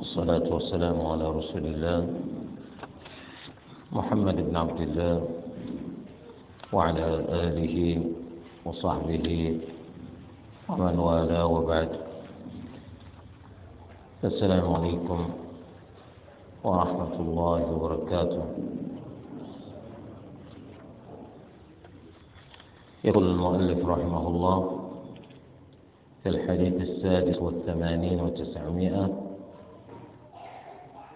والصلاة والسلام على رسول الله محمد بن عبد الله وعلى آله وصحبه ومن والاه وبعد السلام عليكم ورحمة الله وبركاته يقول المؤلف رحمه الله في الحديث السادس والثمانين وتسعمائة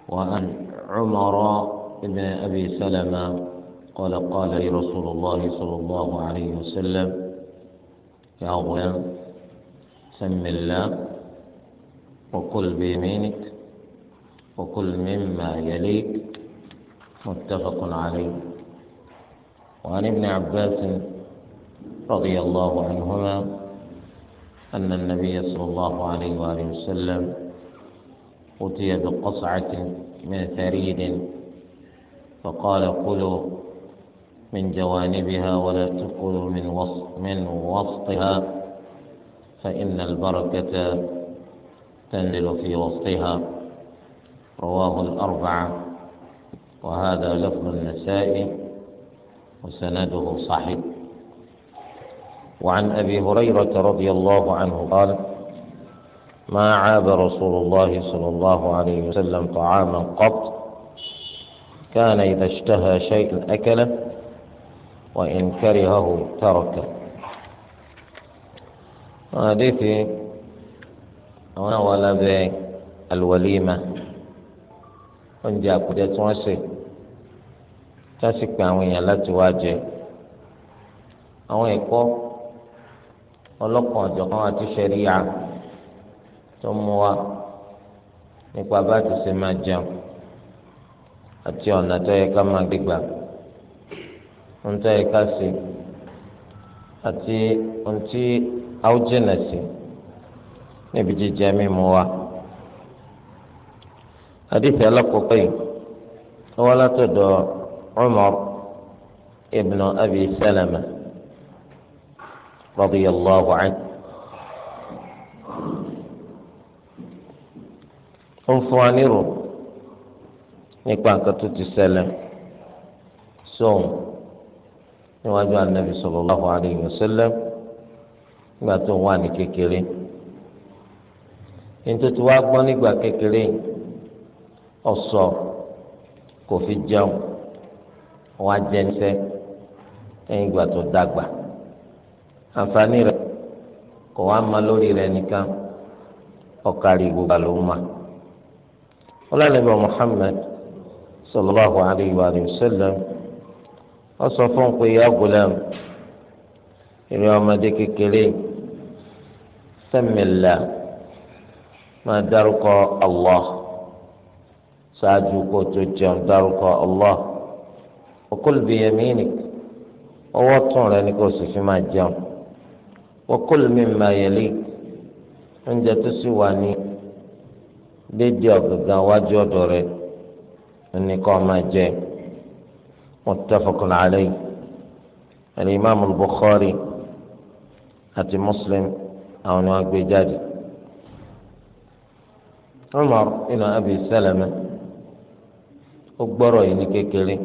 وعن عمر بن أبي سلمة قال قال لي رسول الله صلى الله عليه وسلم يا غلام سم الله وكل بيمينك وكل مما يليك متفق عليه وعن ابن عباس رضي الله عنهما أن النبي صلى الله عليه وآله وسلم أتي بقصعة من ثريد فقال كلوا من جوانبها ولا تأكلوا من وسط من وسطها فإن البركة تنزل في وسطها رواه الأربعة وهذا لفظ النساء وسنده صحيح وعن أبي هريرة رضي الله عنه قال ما عاب رسول الله صلى الله عليه وسلم طعاما قط كان إذا اشتهى شيء أكله وإن كرهه تركه هذه أنا ولا الوليمة oúnjẹ àkùdẹ tí wọ́n sè tásìkò àwọn èèyàn láti wá jẹ àwọn ẹ̀kọ́ tó mú wa nípa bá ti ṣe máa jẹun àti ọ̀nà tó yẹ ká máa gbégbá ohun tó yẹ ká ṣe àti ohun tí a ó jìnà sí níbi jíjẹ mímu wa. حديث لقطي ولا تدع عمر ابن أبي سلمة رضي الله عنه ó ń fún wa nírò nípa nǹkan tó ti ṣẹlẹ̀ sóun níwájú anabi sallallahu alayhi wa sallam nígbà tó ń wà ní kékeré nítorí wá gbọ́n nígbà kékeré ọ̀sọ̀ kò fi jẹun wá jẹnsẹ́ lẹ́yìn ìgbà tó dàgbà àǹfààní rẹ̀ kò wá ma lórí rẹ̀ nìkan ọ̀kàrí ma. ọlọ́nàbí Muhammad sallallahu alayhi wa sallam wọ́n sọ fún un pé ya gulam ìrìn ọmọdé kékeré sẹ́mìlá máa dárúkọ Allah ṣáájú kó tó jẹun dárúkọ Allah ọkùl bìyẹmínì ọwọ́ tún rẹ ní kó sì fi máa jẹun ọkùl mimma oúnjẹ tó sì wà ní déédéé ọ̀gángan wájú ọ̀dọ̀ rẹ̀ ní kó máa jẹ muttafaqun alayhi alimami bukhari àti muslim àwọn ni wọ́n gbé jáde. umar ibn abi salama ó gbọ́rọ̀ yìí ní kékeré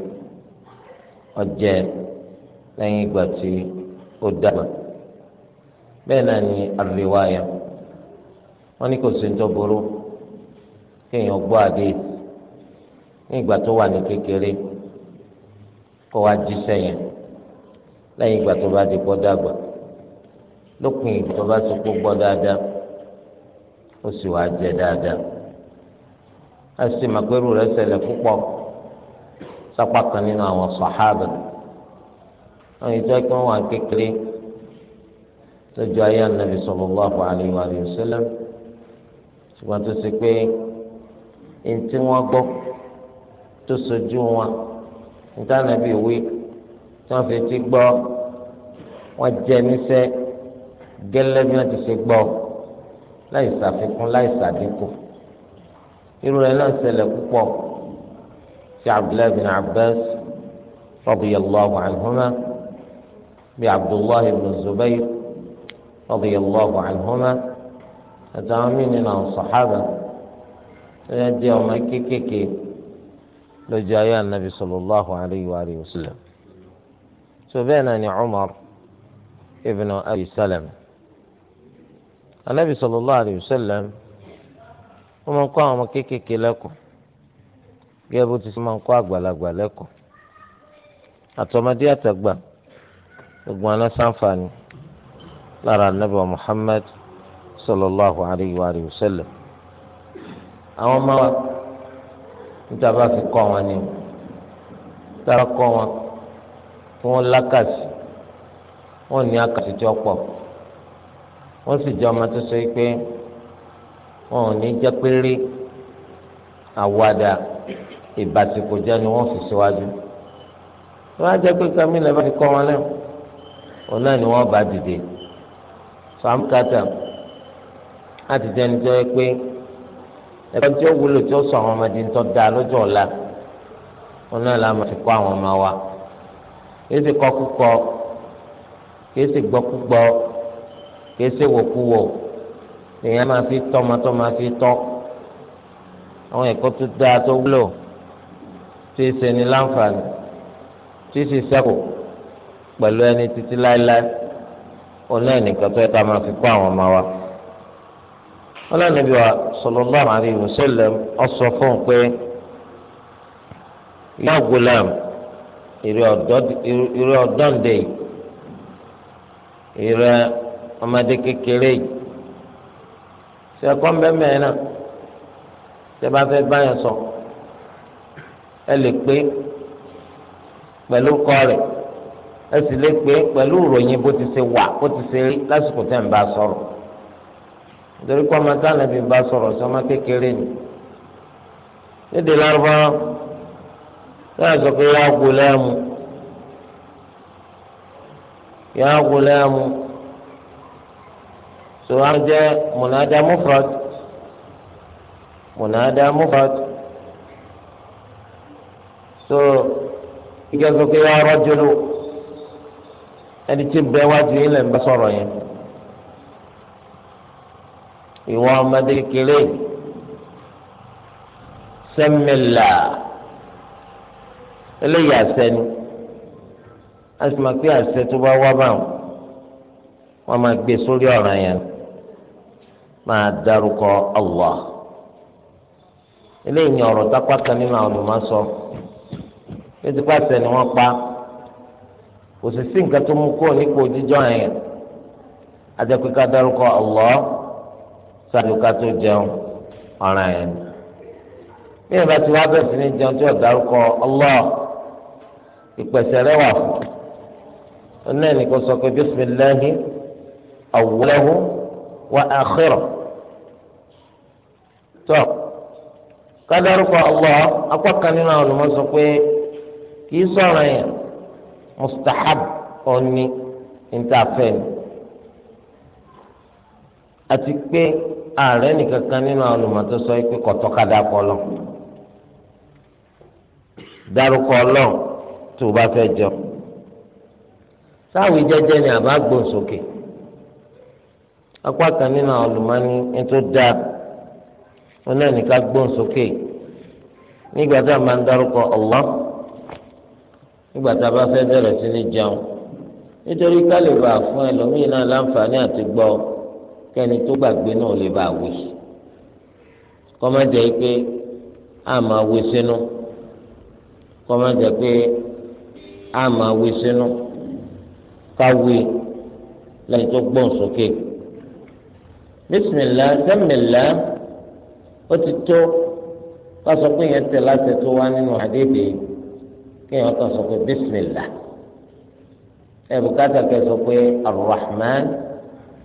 ọjẹ́ lẹ́yìn ìgbà tí ó dàgbà bẹ́ẹ̀ náà ni àríwáyà wọ́n ní kò sí ní tó burú. kéèyàn gbọ́ àdé ní ìgbà tó wà ní kékeré kó wá jíṣẹ́ sẹ́yìn lẹ́yìn ìgbà tó bá di kó dàgbà lópin ìgbà tó bá ti kó gbọ́ dáadáa ó sì wá jẹ dáadáa a sì máa pẹ́rù rẹ̀ ṣẹlẹ̀ púpọ̀ sápá kan nínú àwọn sàhábà àwọn ìjọ kí wọ́n wà kékeré tó jọ ayé ànábì sallallahu alaihi wa sallam ṣùgbọ́n tó ṣe pé. ntí wọn gbọ́ tó sojú wọn ntànàbí wí tí wọn fi ti gbọ́ wọn jẹ níṣẹ́ gẹ́lẹ́ bí wọn ti ṣe gbọ́ láì ṣàfikún láì ṣàdínkù irú rẹ̀ náà ṣẹlẹ̀ púpọ̀ sí abdullahi bin abbas radiyallahu anhuma bí abdullahi bin zubair radiyallahu anhuma àtàwọn mí nínú ẹ jẹ́ ọmọ kéékèèké lójú ayé anabi sallallahu alayhi wa alihi wa sallam tó bẹ́ẹ̀ náà ni Umar ibn Abi Salama anabi sallallahu alayhi wa sallam wọ́n máa ń kọ́ àwọn ọmọ kéékèèké lẹ́kọ̀ọ́ gẹ́gẹ́ bó ti ṣe máa ń kọ́ àgbàlagbà lẹ́kọ̀ọ́ àtọmọdé àtàgbà gbogbo àná sáǹfààní lára anabi wa Muhammad sallallahu alayhi wa alihi wa sallam àwọn ọmọ wa níta bá fi kọ́ wọn ni o tára kọ́ wọn kí wọ́n lákàtì wọ́n ní àkàtì tí ó pọ̀ wọ́n sì jẹ́ ọmọ tó sọ pé wọn ò ní jẹ́ péré àwàdà ìbàtìkò jẹ́ ni wọ́n fi síwájú wọ́n á jẹ́ pé kamilẹ̀ bá fi kọ́ wọn lẹ́wọ̀n òun náà ni wọ́n bá dìde sam kata láti jẹ́ ẹni tó yẹ pé ẹ̀kọ́ tí ó wúlò tí ó sọ àwọn ọmọdé ń tọ́ da lọ́jọ́ ọ̀la wọn náà la máa fi àwọn ọmọ wa kìí kọkúkọ kìí ṣe gbọ́kúgbọ́ wòkúwò èèyàn máa fi tọ́ ọmọ tó máa fi tọ́ àwọn ẹ̀kọ́ tó dáa tó wúlò tí ì ṣeni láǹfààní tí ì sì ṣẹ́kù pẹ̀lú ẹni títí láéláé òun náà nìkan tó yẹ ká máa fi kọ́ àwọn ọmọ wa ọlọ́nàbí wa sallallahu alayhi wa sallam ọsọ fún un pé ya gulam ìrẹ ọ̀dọ́ǹdè ìrẹ ọmọdé kékeré ṣe ẹ̀kọ́ mbẹ́mẹ́ náà ṣe bá fẹ́ báyọ̀ sọ ẹ lè pé pẹ̀lú kọ́ rẹ̀ ẹ sì lè pé pẹ̀lú ìròyìn bó ti ṣe wà bó ti ṣe rí lásìkò tẹ̀ ń bá sọ̀rọ̀ nítorí kó ọmọ táwọn ẹbí bá sọ̀rọ̀ sí ọmọ kékeré ni lédè lárúbáwá yóò sọ pé yá gulẹ́mu yá gulẹ́mu tó wá jẹ́ mùnádà mufrad mùnádà mufrad tó ìgbà pé yá rọ́jòló ẹni tí bẹ́ẹ̀ wájú yín lẹ́nu bá sọ̀rọ̀ yẹn. ìwọ ọmọdé kékeré sẹ́mìlà eléyìí àṣẹ ni a sì máa pé àṣẹ tó bá wá báwọn wọn máa gbé sórí ọ̀ràn yẹn máa dárúkọ Allah eléyìí ni ọ̀rọ̀ tápá nínú àwọn olùmọ̀sọ bí ni wọ́n pa kò sì sí nǹkan tó mú kó nípò jíjọ́ yẹn ṣáájú ká tó jẹun ọ̀ràn yẹn bí ẹ bá ti wá bẹ̀rẹ̀ sí ní jẹun tí ọ̀dàrúkọ Allah ìpèsè rẹ wà fún ọ̀nà ẹni kò sọ pé bisimilahi wa akhirahu tó kádàrúkọ Allah apá nínú àwọn olùmọ̀ sọ pé sọ̀rọ̀ yẹn mustahab ọ̀ni níta fẹ́ ni àti ààrẹ nìkankan nínú àwọn olùmọ̀tò sọ pé kọ̀tọ́kadà kọ lọ dárúkọ Ọlọ́run tó o bá fẹ́ jọ sáwìí jẹ́jẹ́ ni àbá gbòǹsókè apá kan nínú àwọn olùmọ̀ni ẹni tó dáa wọn náà nìkan gbòǹsókè nígbà tá a máa ń dárúkọ Allah nígbà tá a bá fẹ́ bẹ̀rẹ̀ sí ní jẹun nítorí ká lè bàa fún ẹlòmíì náà láǹfààní àti gbọ́ ọ kẹ́ni tó gbàgbé náà lè bá wí kọ́mọ́jẹ́ pé a máa wí sínú kọ́mọ́jẹ́ pé a máa wí sínú káwí lẹ́yìn tó gbọ́n sókè bisimilá sẹ́mìlá ó ti tó kásọ pé yẹn tẹ̀ láti tó wá nínú àdébè kéèyàn kásọ pé bisimilá ẹ̀ kẹsọ pé arrahman.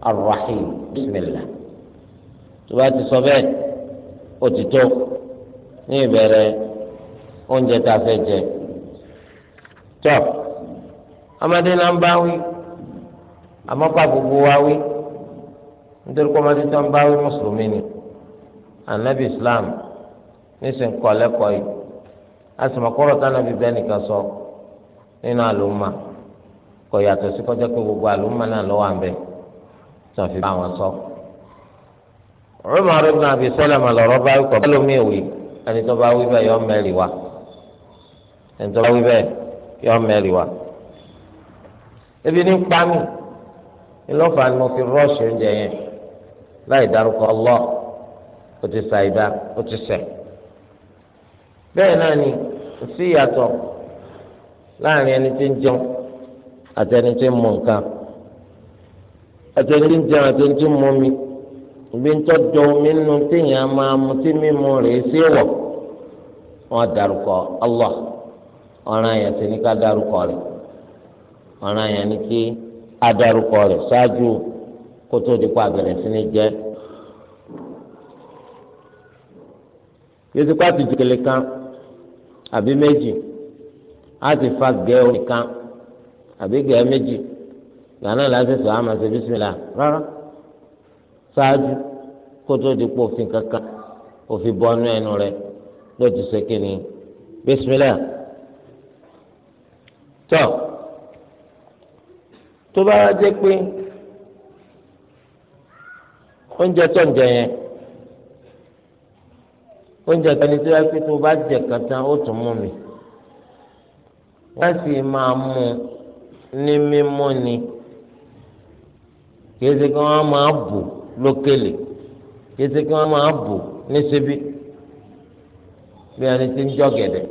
arrahim bisimilah tó ti sọ bẹ́ẹ̀ ó ti tó ní ìbẹ̀rẹ̀ oúnjẹ tá a fẹ́ jẹ gbogbo wa wí nítorí tó ń bá wí mùsùlùmí anabi islam nísìn kọ́ yìí a sì mọ̀ anabi bẹ́ẹ̀ nìkan sọ nínú àlùmọ́ sí kọjá pé tàn fi bá wọn sọ. Umar ibn Abi Salama lọ́rọ́ bá wí bá lómi ìwé ẹni tó bá wí bẹ́ẹ̀ yọ wa ẹni tó bá wí bẹ́ẹ̀ yọ ebi ní ńlọ́fà ni mo fi rọ́ọ̀ṣì oúnjẹ yẹn láì dárúkọ Allah ó ti ti bẹ́ẹ̀ náà ni sí ìyàtọ̀ láàrin ẹni tí àtẹnudí ń jẹun àtẹnudí ń mi ìbí ń tọ́jú omi nínú téèyàn máa mu tí mímu rèé sí wọ̀ wọ́n dárúkọ Allah ọ̀ràn ti ní ká dárúkọ rẹ̀ ọ̀ràn yẹn ní kí a dárúkọ rẹ̀ ṣáájú kó tó di pa ní jẹ́. kan àbí méjì á ti fa gẹ́ kan ìyànà lásìkò àmà ṣe bísímìlà rárá ṣáájú kó tó di pò òfin kankan òfin bọ́nú ẹnu rẹ ló ti ṣe kí ni bísímìlà tó tó bá jẹ́ pé oúnjẹ tó ń jẹ yẹn oúnjẹ kan ní tí wọ́n pé tó bá jẹ kàtà ó tún mú mi wọ́n sì máa mú ní mímú ni. Mímú kì í ṣe kí wọ́n máa bù lókèlè kì í ṣe kí wọ́n máa bù níṣẹ́bí bí ẹni tí ń jọ gẹ̀dẹ̀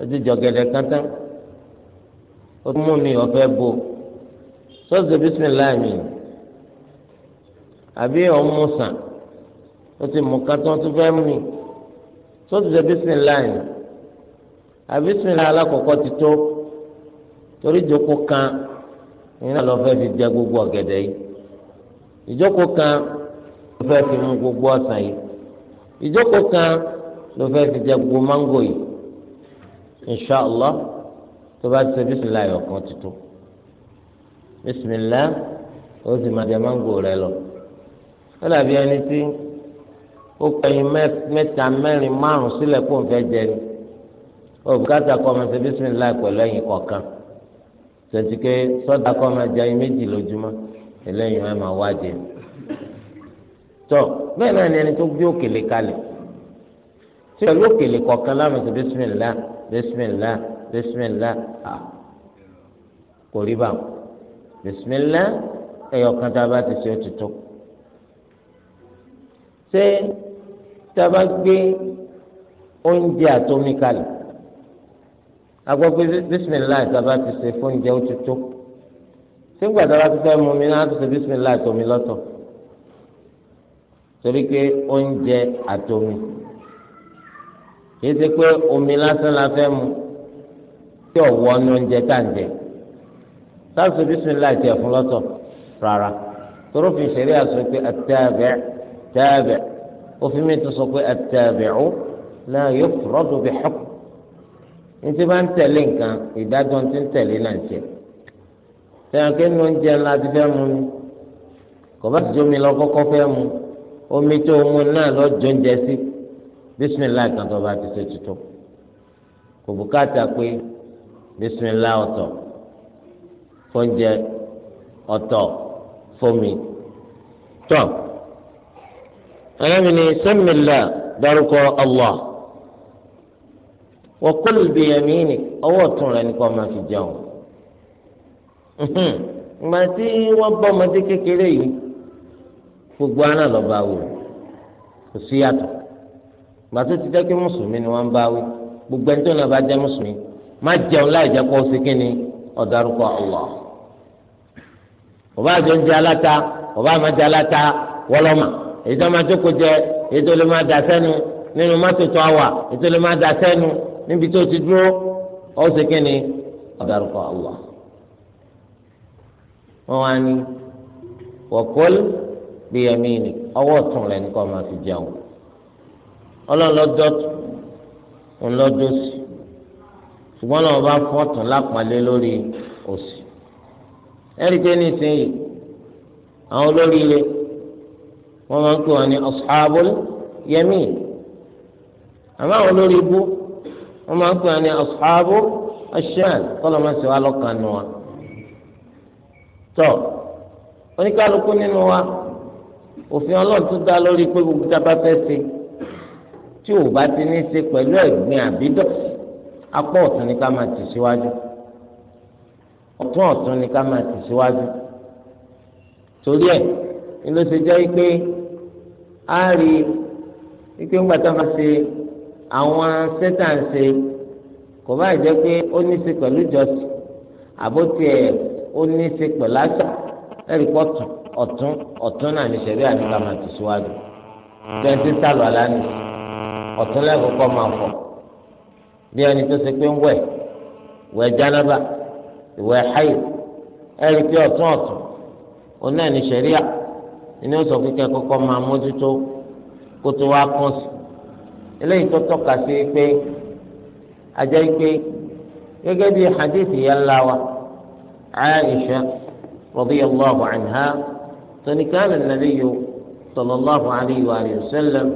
ó ti jọ gẹ̀dẹ̀ kántá ó mú mi ọ̀fẹ́ bo sọ́ọ̀sì bísímìláì mi àbí ọmú sàn ó ti mú kántá ó ti fẹ́ mú mi sọ́ọ̀sì bísímìláì àbí bísímìláì alákọ̀ọ́kọ́ ti tó torí ìjókòó kan iná lọ fẹ́ fi jẹ gbogbo ọ̀gẹ̀dẹ̀ yìí ìjókòó kan ló fẹ́ fi mú gbogbo ọsàn yìí ìjókòó kan ló fẹ́ fi jẹ gbogbo máńgò yìí inṣàlá tó bá ti ṣe bísílá ọ̀kan tuntun bísímilá ó sì máa jẹ máńgò rẹ lọ ó dàbí ẹni tí ó kẹyìn mẹ́ta mẹ́rin márùn sílẹ̀ kó n fẹ́ jẹ ni ó bùkátà kọ́ ọmọ ṣe bísímilá pẹ̀lú ẹ̀yìn kọ̀ọ̀kan tẹ̀sí pé sọ́dà kọ́ máa jẹ ayé méjì lójúmọ́ eléyìí wọn máa wá jẹ tọ bẹ́ẹ̀ náà ni ẹni tó gbé òkèlè kalẹ̀ tí pẹ̀lú òkèlè kọ̀ọ̀kan láwọn ètò bísímìlá bísímìlá bísímìlá kò rí bá wọn bísímìlá ẹyọ kan tá a bá ti ṣe ó ti tó ṣé tá a bá gbé oúnjẹ àtomi kalẹ̀ agbọ́ pé bisimilayi sábà ti ṣe fún oúnjẹ ó ti tó sígbà tí a bá ti fẹ́ mu mi náà ti ṣe bisimilayi tó mi lọ́tọ̀ torí pé oúnjẹ àtomi kì í ṣe pé omi lásán la fẹ́ mu tí ọ̀wọ́ ní oúnjẹ tá ń jẹ tiẹ̀ fún lọ́tọ̀ rárá toro fi ṣeré àṣọ pé àtàbẹ̀ tàbẹ̀ òfin mi tún sọ pé àtàbẹ̀ ó náà yóò fúrọ́dù bí xọ́kù ntí bá ń tẹ̀lé nǹkan ìdájọ́ ti ń tẹ̀lé náà jẹ sẹ́yìn kí nínú oúnjẹ ńlá ti fẹ́ mu ni kò bá tìjú omi lọ kọ́kọ́ fẹ́ mu omi tó mu náà lọ́jọ́ oúnjẹ sí bísímìlá kan tó bá ti ṣe tuntun kò bùkátà pé bísímìlá ọ̀tọ̀ fóúnjẹ ọ̀tọ̀ fómi tọ́ ẹ̀rọ mi ni sẹ́mìlá dárúkọ Allah wa kul bi yaminik ọwọ́ ọ̀tún rẹ nìkan máa fi jẹun ìgbà tí wọ́n bọ́ ọmọdé kékeré yìí gbogbo aná lọ bá wò kò sí yàtọ̀ ìgbà tó ti jẹ́ pé mùsùlùmí ni wọ́n bá wí gbogbo ẹni tó náà bá jẹ́ mùsùlùmí má jẹun láì jẹ́ kó ṣe kíni ọ̀dàrúkọ Allah ọba àjọ ń jẹ aláta ọba àmọ́ jẹ aláta wọlọ́mà èyí tó máa jókòó jẹ èyí tó lè máa níbi tó ti dúró ọ ṣe kí ni ọ̀dàrúkọ Allah wọn wá ní wọ́kọ́lù bíyẹmíìnì ọwọ́ ọ̀tún rẹ̀ nìkan máa fi jẹun ọlọ́lọ́dọ́tù ńlọ́dọ́sì ṣùgbọ́n náà wọ́n bá fọ́ ọ̀tún lápàlẹ́ lórí òsì ẹ̀rí pé nísìnyí àwọn olórí ilé wọ́n máa ń pè wọ́n ní ọ̀sáàbọ̀lù yẹmíìnì àmọ́ àwọn olórí ibú wọ́n máa ń pè ní ashabu ashan kọ́lọ́ máa ṣe wá lọ́kàn nù wa. tọ́ oníkálukú nínú wa òfin ọlọ́run tún dá lórí pé gbogbo tá a bá fẹ́ ṣe tí ò bá ti ní ṣe pẹ̀lú ẹ̀gbin àbídọ̀ apá ọ̀tún ni ká máa tì síwájú ọ̀tún ọ̀tún ni ká máa tì síwájú torí ẹ̀ ni ló ṣe jẹ́ pé a rí i pé ńgbà tá máa ṣe àwọn sẹ́tàǹsì kò bá jẹ́ pé ó ní í ṣe pẹ̀lú ìjọsìn àbótí ẹ̀ ó ní í ṣe pẹ̀lú àṣà ẹ̀rí pọ̀ tún ọ̀tún ọ̀tún náà ní sẹ́rí àdúrà máa ti síwájú twenty sálọ aláàánú ọ̀tún lẹ́kọ̀ọ́kọ́ máa fọ̀ bí ẹni tó ṣe pé ń wẹ̀ wẹ̀ jánábà ìwẹ̀ háyè ẹ̀rí pé ọ̀tún ọ̀tún ó náà ní sẹ́rí à ó sọ pé kẹ́kọ̀ọ́kọ́ máa mójútó kó tó wá kún sí eléyìí tó tọ́ka sí pé ajá pé gẹ́gẹ́ bí hadithi yẹn la wa Aisha radiyallahu anha tóní kana nabiyyu sallallahu alayhi wa sallam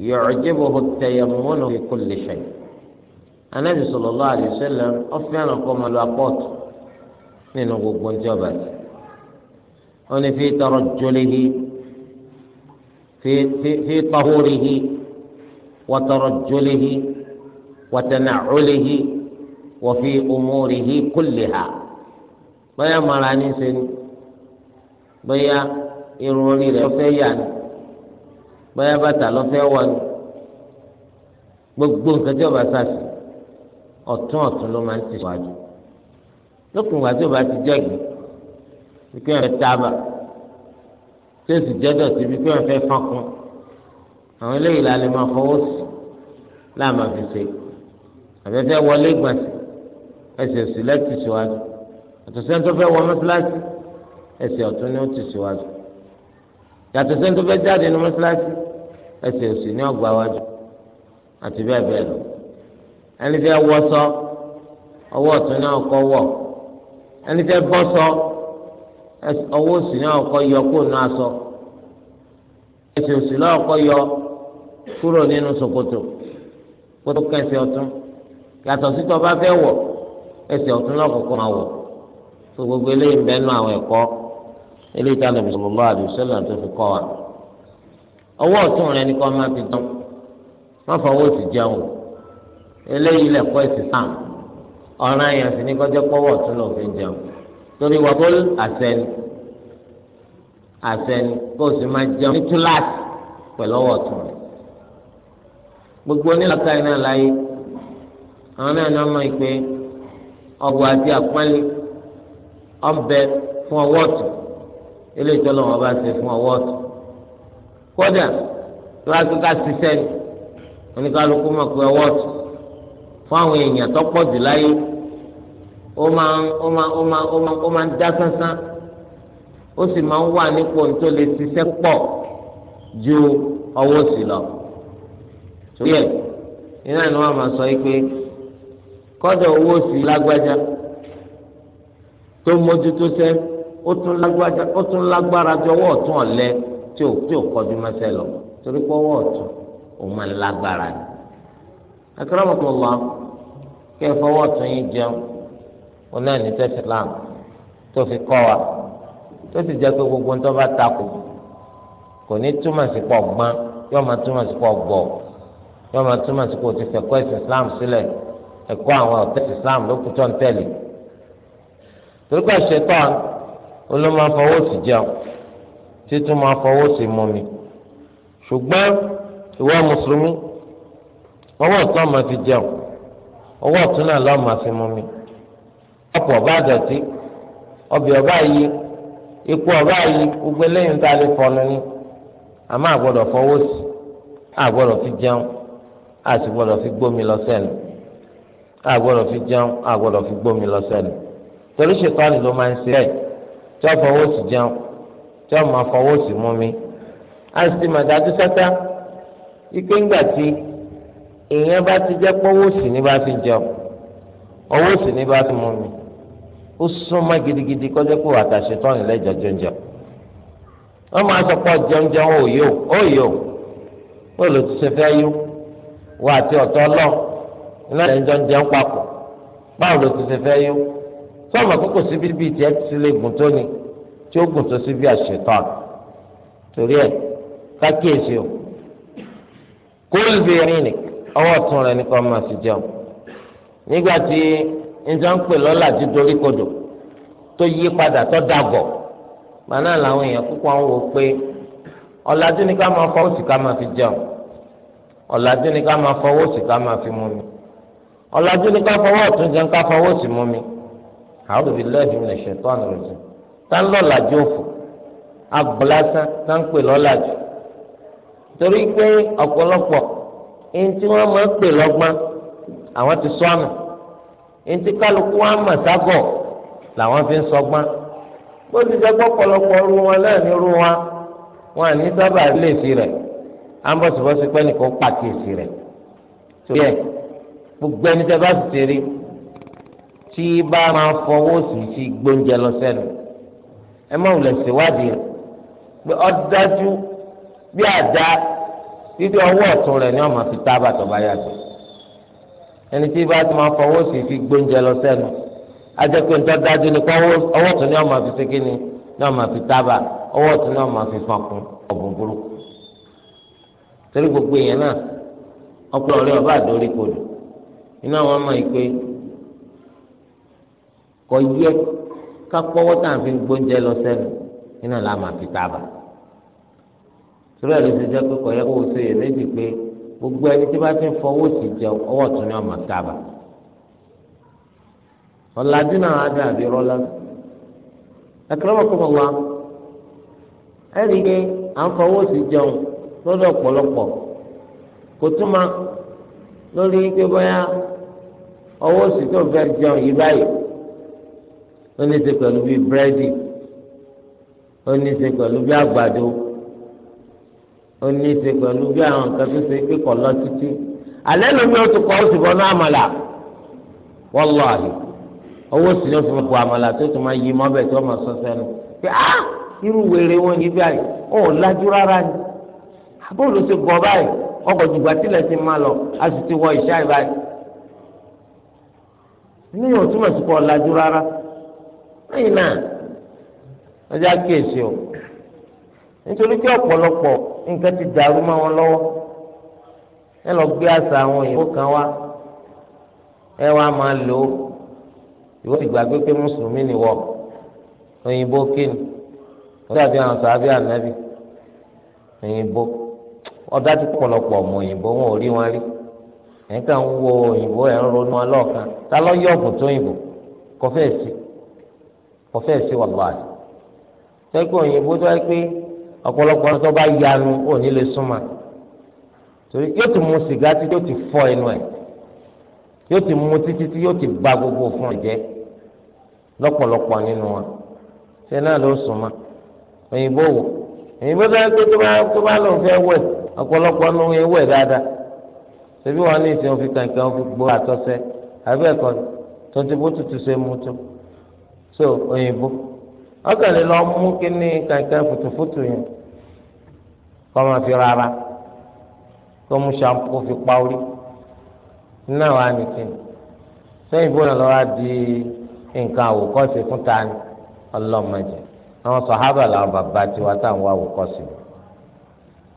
yu'jibuhu at-tayammunu fi kulli shay anabi sallallahu alayhi wa sallam ọ̀fẹ́ràn kọ́ ọmọlúwa pọ́ọ̀tù nínú gbogbo ń jọba yìí wọn ni fi fi tahurihi. وترجله وتنعله وفي أموره كلها بيا مراني سن بيا إرولي لفيان بيا بتا لفيوان gbogbo nǹkan tí ọba sàṣì ọ̀tún ọ̀tún ló máa ń ti wájú lókun ìgbà tí ọba ti jẹgùn wípé ọ̀rẹ́ tábà tí ó sì jẹ́ dọ̀tí wípé ọ̀rẹ́ fẹ́ fọ́n kún àwọn eléyìí la lè máa fọwọ́ sí láàmà fi ṣe àfẹ́fẹ́ wọlé gbàtì ẹsẹ̀ òsì lẹ́tì síwájú yàtọ̀ sẹ́ni tó fẹ́ wọ mọ́sálásí ẹsẹ̀ ọ̀tún ni ó ti síwájú yàtọ̀ sẹ́ni jáde ní mọ́sálásí ẹsẹ̀ òsì ni ọgbà wájú àti bẹ́ẹ̀ bẹ́ẹ̀ lọ ẹni fẹ́ wọṣọ ọwọ́ ọ̀tún náà kọ́ wọ̀ ẹni fẹ́ bọ́ṣọ ọwọ́ òsì náà kọ́ yọ kó náà sọ ẹsẹ̀ òsì náà yọ kúrò nínú ṣòkòtò kótó kẹsẹ̀ ọ̀tún yàtọ̀ sí tó bá fẹ́ wọ̀ ẹsẹ̀ ọ̀tún lọ́kọ̀ọ̀kọ̀ máa wọ̀ tó gbogbo eléyìí ń bẹ nú àwọn ẹ̀kọ́ eléyìí tá a lè fi sọ̀rọ̀ lọ́wọ́ àdùsọ́là tó fi kọ́ wa ọwọ́ ọ̀tún rẹ ní kọ́ máa fi dán má fọwọ́ sí jẹun eléyìí lẹ̀kọ́ ẹ̀sìn sàn ọ̀ràn yẹn sì ní kọjá pọ́wọ́ ọ̀tún lọ fi jẹun torí wà bó àsẹni àsẹni kó o sì máa jẹun ní túláàsì pẹ̀lú ọwọ́ ọ̀tún rẹ gbogbo onílàkà iná láyé àwọn náà ní ọmọ ìpè ọgbọ àti àpọ́nlé ọbẹ̀ fún ọwọ́ ọ̀tún eléyìí tó lọ́wọ́ bá ṣe fún ọwọ́ ọ̀tún kódà tó bá tó ká ṣiṣẹ́ ni oníkálukú mọ̀ pé ọwọ́ ọ̀tún fún àwọn èèyàn tó pọ̀ jù láyé ó máa ó máa ó máa ó máa ó máa ń dá sánsán ó sì máa ń wà nípò tó lè ṣiṣẹ́ pọ̀ ju ọwọ́ sí lọ torí ẹ̀ iná ni wọ́n máa sọ yìí pé kọ́dọ̀ owó sí lágbájá tó mójútó sẹ́ ó tún lágbára ju ọwọ́ ọ̀tún ọ̀lẹ tí ò tí ò kọjú mẹ́sẹ̀ lọ torí pé ọwọ́ ọ̀tún òun máa ń lágbára ni. akérèmọ̀tò lọ kẹ́ ẹ fọwọ́ ọ̀tún yín jẹun ó náà ní tẹ́sí tó fi kọ́ wa tó sì jẹ́ pé gbogbo ń tọ́ bá takò kò ní túmọ̀ sí pọ̀ gbọ́n yóò máa túmọ̀ sí pọ̀ gbọ́ yóò máa túmọ̀ sí kò ti fẹ̀kọ́ ẹ̀sìn islam sílẹ̀ ẹ̀kọ́ àwọn ọ̀tẹ́ islam ló kú tán tẹ́lẹ̀ torí pé ṣetán ló máa fọwọ́ sí jẹun títún máa fọwọ́ sí mumi ṣùgbọ́n ìwọ mùsùlùmí ọwọ́ ọ̀tún máa fi jẹun ọwọ́ ọ̀tún náà lọ́ọ́ máa fi mumi ọ̀pọ̀ ọba àdọ̀tí ọbẹ̀ ọba yìí ikú ọba yìí gbogbo eléyìí ń ta lè fọnu ní àmọ́ àgbọ̀dọ̀ fọwọ́ sí àgbọ̀dọ̀ fi jẹun a sì gbọ́dọ̀ fi gbómi lọ sẹ́nu a gbọ́dọ̀ fi jẹun a gbọ́dọ̀ fi gbómi lọ sẹ́nu torí ṣètọ́ni ló máa ń ṣe bẹ́ẹ̀ tí wọ́n fọwọ́ sí jẹun tí wọ́n máa fọwọ́ sí mú mi a sì máa dájú sẹ́tà ike ńgbà tí èèyàn bá ti jẹ́ pọ́wọ́ sí ní bá fi jẹun ọwọ́ sí ní bá fi mú mi ó súnmọ́ gidigidi kọjá pé wàtà ṣetán ìlẹ́jọ jẹunjẹ wọ́n máa sọ pé jẹunjẹ ò yó ó yó ó lò ti ṣe fẹ́ yó wọ́n àti ọ̀tọ́ lọ iná ìjọ ń jẹun papọ̀ báwo ló ti ṣe fẹ́ yó sọ́ọ̀mù àkókò síbi bíi tiẹ̀ ti lè gùn tó ni tí ó gùn tó síbi àṣetán torí o kóòlù bíi ọwọ́ ọ̀tún rẹ̀ nìkan máa sì jẹun nígbà tí njẹ́ ń pè lọ́la ti dorí kodò tó yí padà tó dàgọ̀ màá náà làwọn èèyàn máa fọ́ òsì ká máa fi jẹun. ọ̀làjú ni ká máa fọwọ́ sí ká máa fi mú mi ọ̀làjú ni ká fọwọ́ ọ̀tún jẹun ká fọwọ́ sí mú mi àwọn òbí lẹ́yìn ní ṣètò àná rẹ̀ jù tá ń lọ́làjú òfò abúlásán tá ń pè lọ́làjú torí pé ọ̀pọ̀lọpọ̀ ẹni tí wọ́n máa ń pè lọ́gbọ́n àwọn ti sọ àmọ̀ ẹni tí kálukú wọn mọ̀ ságọ̀ làwọn fi ń sọgbọ́n bó ti jẹ́ pọ́pọ̀lọpọ̀ ru wọn lẹ́ẹ̀ni ru wọn wọn à à ń bọ̀sibọ́sí pé nìkan pàkíyèsí rẹ̀ torí ẹ̀ gbogbo ẹni tẹ́ bá sì ti rí tí bá máa fọwọ́ sí sí gbóúnjẹ lọ sẹ́nu ẹ má wulẹ̀ ṣèwádìí rẹ̀ pé ó dájú bí àdá títí ọwọ́ ọ̀tún rẹ̀ ni wọ́n máa fi tábà tó bá yàtọ̀ ẹni tí bá ti máa fọwọ́ sí fi gbóúnjẹ lọ sẹ́nu ajẹ́ pé nítorí dájú ni pé ọwọ́ ọ̀tún ni wọ́n máa fi ṣe kí ni ni wọ́n máa fi tábà ọwọ́ ọ̀tún ni wọ́n máa fi fọkùn ọ̀bùn burúkú torí gbogbo èèyàn náà ọpọlọ rẹ ọba àdórí kodò iná wọn mọ ìpè kọ yẹ kápọwọ tá à ń fi gbóúnjẹ lọ sẹ́nu iná la máa fi tábà torí ẹ ló ti jẹ pé kọ yẹ kó o ṣe èlédì pé gbogbo ẹni tí bá ti ń fọwọ́ sí jẹ ọwọ́ ọ̀tún ni wọn máa tábà ọ̀làjú náà á dàbí rọ́lá ẹ̀kọ́ lọ́wọ́ kọ́ mọ̀ wá ẹ̀rí pé à ń lọ́dọ̀ ọ̀pọ̀lọpọ̀ kò túmọ̀ lórí pé bóyá ọwọ́ òsì tó fẹ́ jẹun yìí báyìí ó ní ṣe pẹ̀lú bíi búrẹ́dì ó ní ṣe pẹ̀lú bíi àgbàdo ó ní ṣe pẹ̀lú bíi àwọn nǹkan tó ṣe pé kọ̀ lọ títí alẹ́ lómi ó ti kọ́ oṣù àmàlà ọwọ́ sì àmàlà tó máa sọ sẹ́nu bóòlù ti gbọ́ báyìí ọkọ̀ jùgbà tilẹ̀ ti máa lọ a sì ti wọ ìṣá ìbáyìí ní yóò túmọ̀ sí pọ̀ lajú rárá lẹ́yìn náà ọjà kíyèsí o nítorí pé ọ̀pọ̀lọpọ̀ nǹkan ti dàrú mọ́ wọn lọ́wọ́ ẹ lọ gbé àṣà àwọn òyìnbó kan wá ẹ wá máa lò ó ìwọ ìgbàgbé pé mùsùlùmí ni wọ òyìnbó kéènì ó dàbí àwọn sàábì ànábì òyìnbó ọ̀dà tó pọ̀lọpọ̀ ọmọ òyìnbó wọn ò rí wọn rí ẹ̀ka ń wo òyìnbó ẹ̀ ń ronú ọlọ́ọ̀kan ta ló yọ ọ̀gùn tó òyìnbó kò fẹ́ẹ̀ sí kò fẹ́ẹ̀ sí wà láàyè tẹ́kọ̀ òyìnbó tó wáyé pé ọ̀pọ̀lọpọ̀ ọ̀sán bá yanu òní lè súnmọ́ torí yóò ti mu sìgá tí yóò ti fọ inú ẹ̀ yóò ti mu títí tí yóò ti ba gbogbo fún ọ̀jẹ́ lọ́pọ̀lọpọ̀ nínú wọn ṣe náà ló sùn òyìnbó wò òyìnbó tó wáyé pé tó bá lòun fẹ́ wẹ̀ ọ̀pọ̀lọpọ̀ ní wọn ewé dáadáa ṣebí wọn ní ìsìn òfin kankan òfin gbó àtọsẹ abẹ́ẹ̀kọ́ tó ti bó tutù ṣe mú tó so òyìnbó ọkàn lè lọ mú kíní kankan fùtùfùtù yẹn kọ́ máa fi rárá kó mú ṣàǹpó fi pa orí náà wà nìkan sẹ́yìn náà lọ́wọ́ di nǹkan àwòkọ́ṣe fún ta ni ọlọ́mọdé àwọn sọ̀hábà làwọn bàbá tiwa táwọn wà àwòkọ́ṣe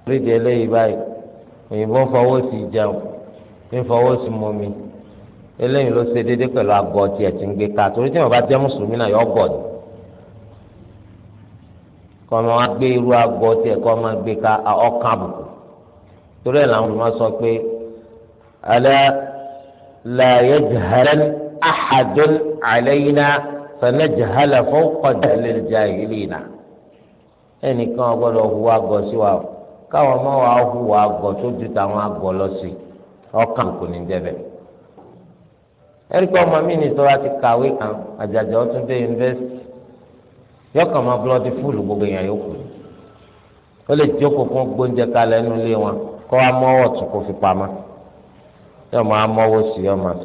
rídìí eléyìí báyìí òyìnbó fọwọ́ sí jẹun ní fọwọ́ sí mọ́mi eléyìí ló ṣe déédéé pẹ̀lú àgọ́ tí ẹ̀ ti ń gbé ká torí tí wọn bá jẹ́ mùsùlùmí náà yọ bọ̀ ni kọ́mọ wa gbé irú àgọ́ tí ẹ̀ kọ́ máa gbé ká ọkàn àbùkù torí ẹ̀ làwọn olùmọ̀ sọ pé alẹ́ làyé jahẹ́rẹ́ni àhàdùn àlẹ́yìnà sànẹ́ jahẹ́lẹ̀ fún kọ́jà lè jahìlì náà ẹnìkan gbọ́dọ̀ hu àgọ́ sí wa o. káwọn ọmọ wa hùwà àgọ̀ tó ju tàwọn àgọ̀ lọ sí ọkàn kò ní débẹ̀ ẹ̀ríkọ́ ọmọ mi ní sọ́ra ti kàwé kan àjàjà ọtún dé yunifásitì yọkàn máa búlọ́ọ̀dì fúlù gbogbo èèyàn yòókù ó lè jókòó fún gbóúnjẹ kalẹ̀ wọn kọ́ wa mọ́wọ́ kó fi pamọ́ yọ máa sí yọ máa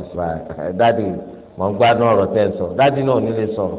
ah, dádì mọ̀ ń gbádùn ọ̀rọ̀ tẹ́ sọ dádì náà ò ní lè sọ̀rọ̀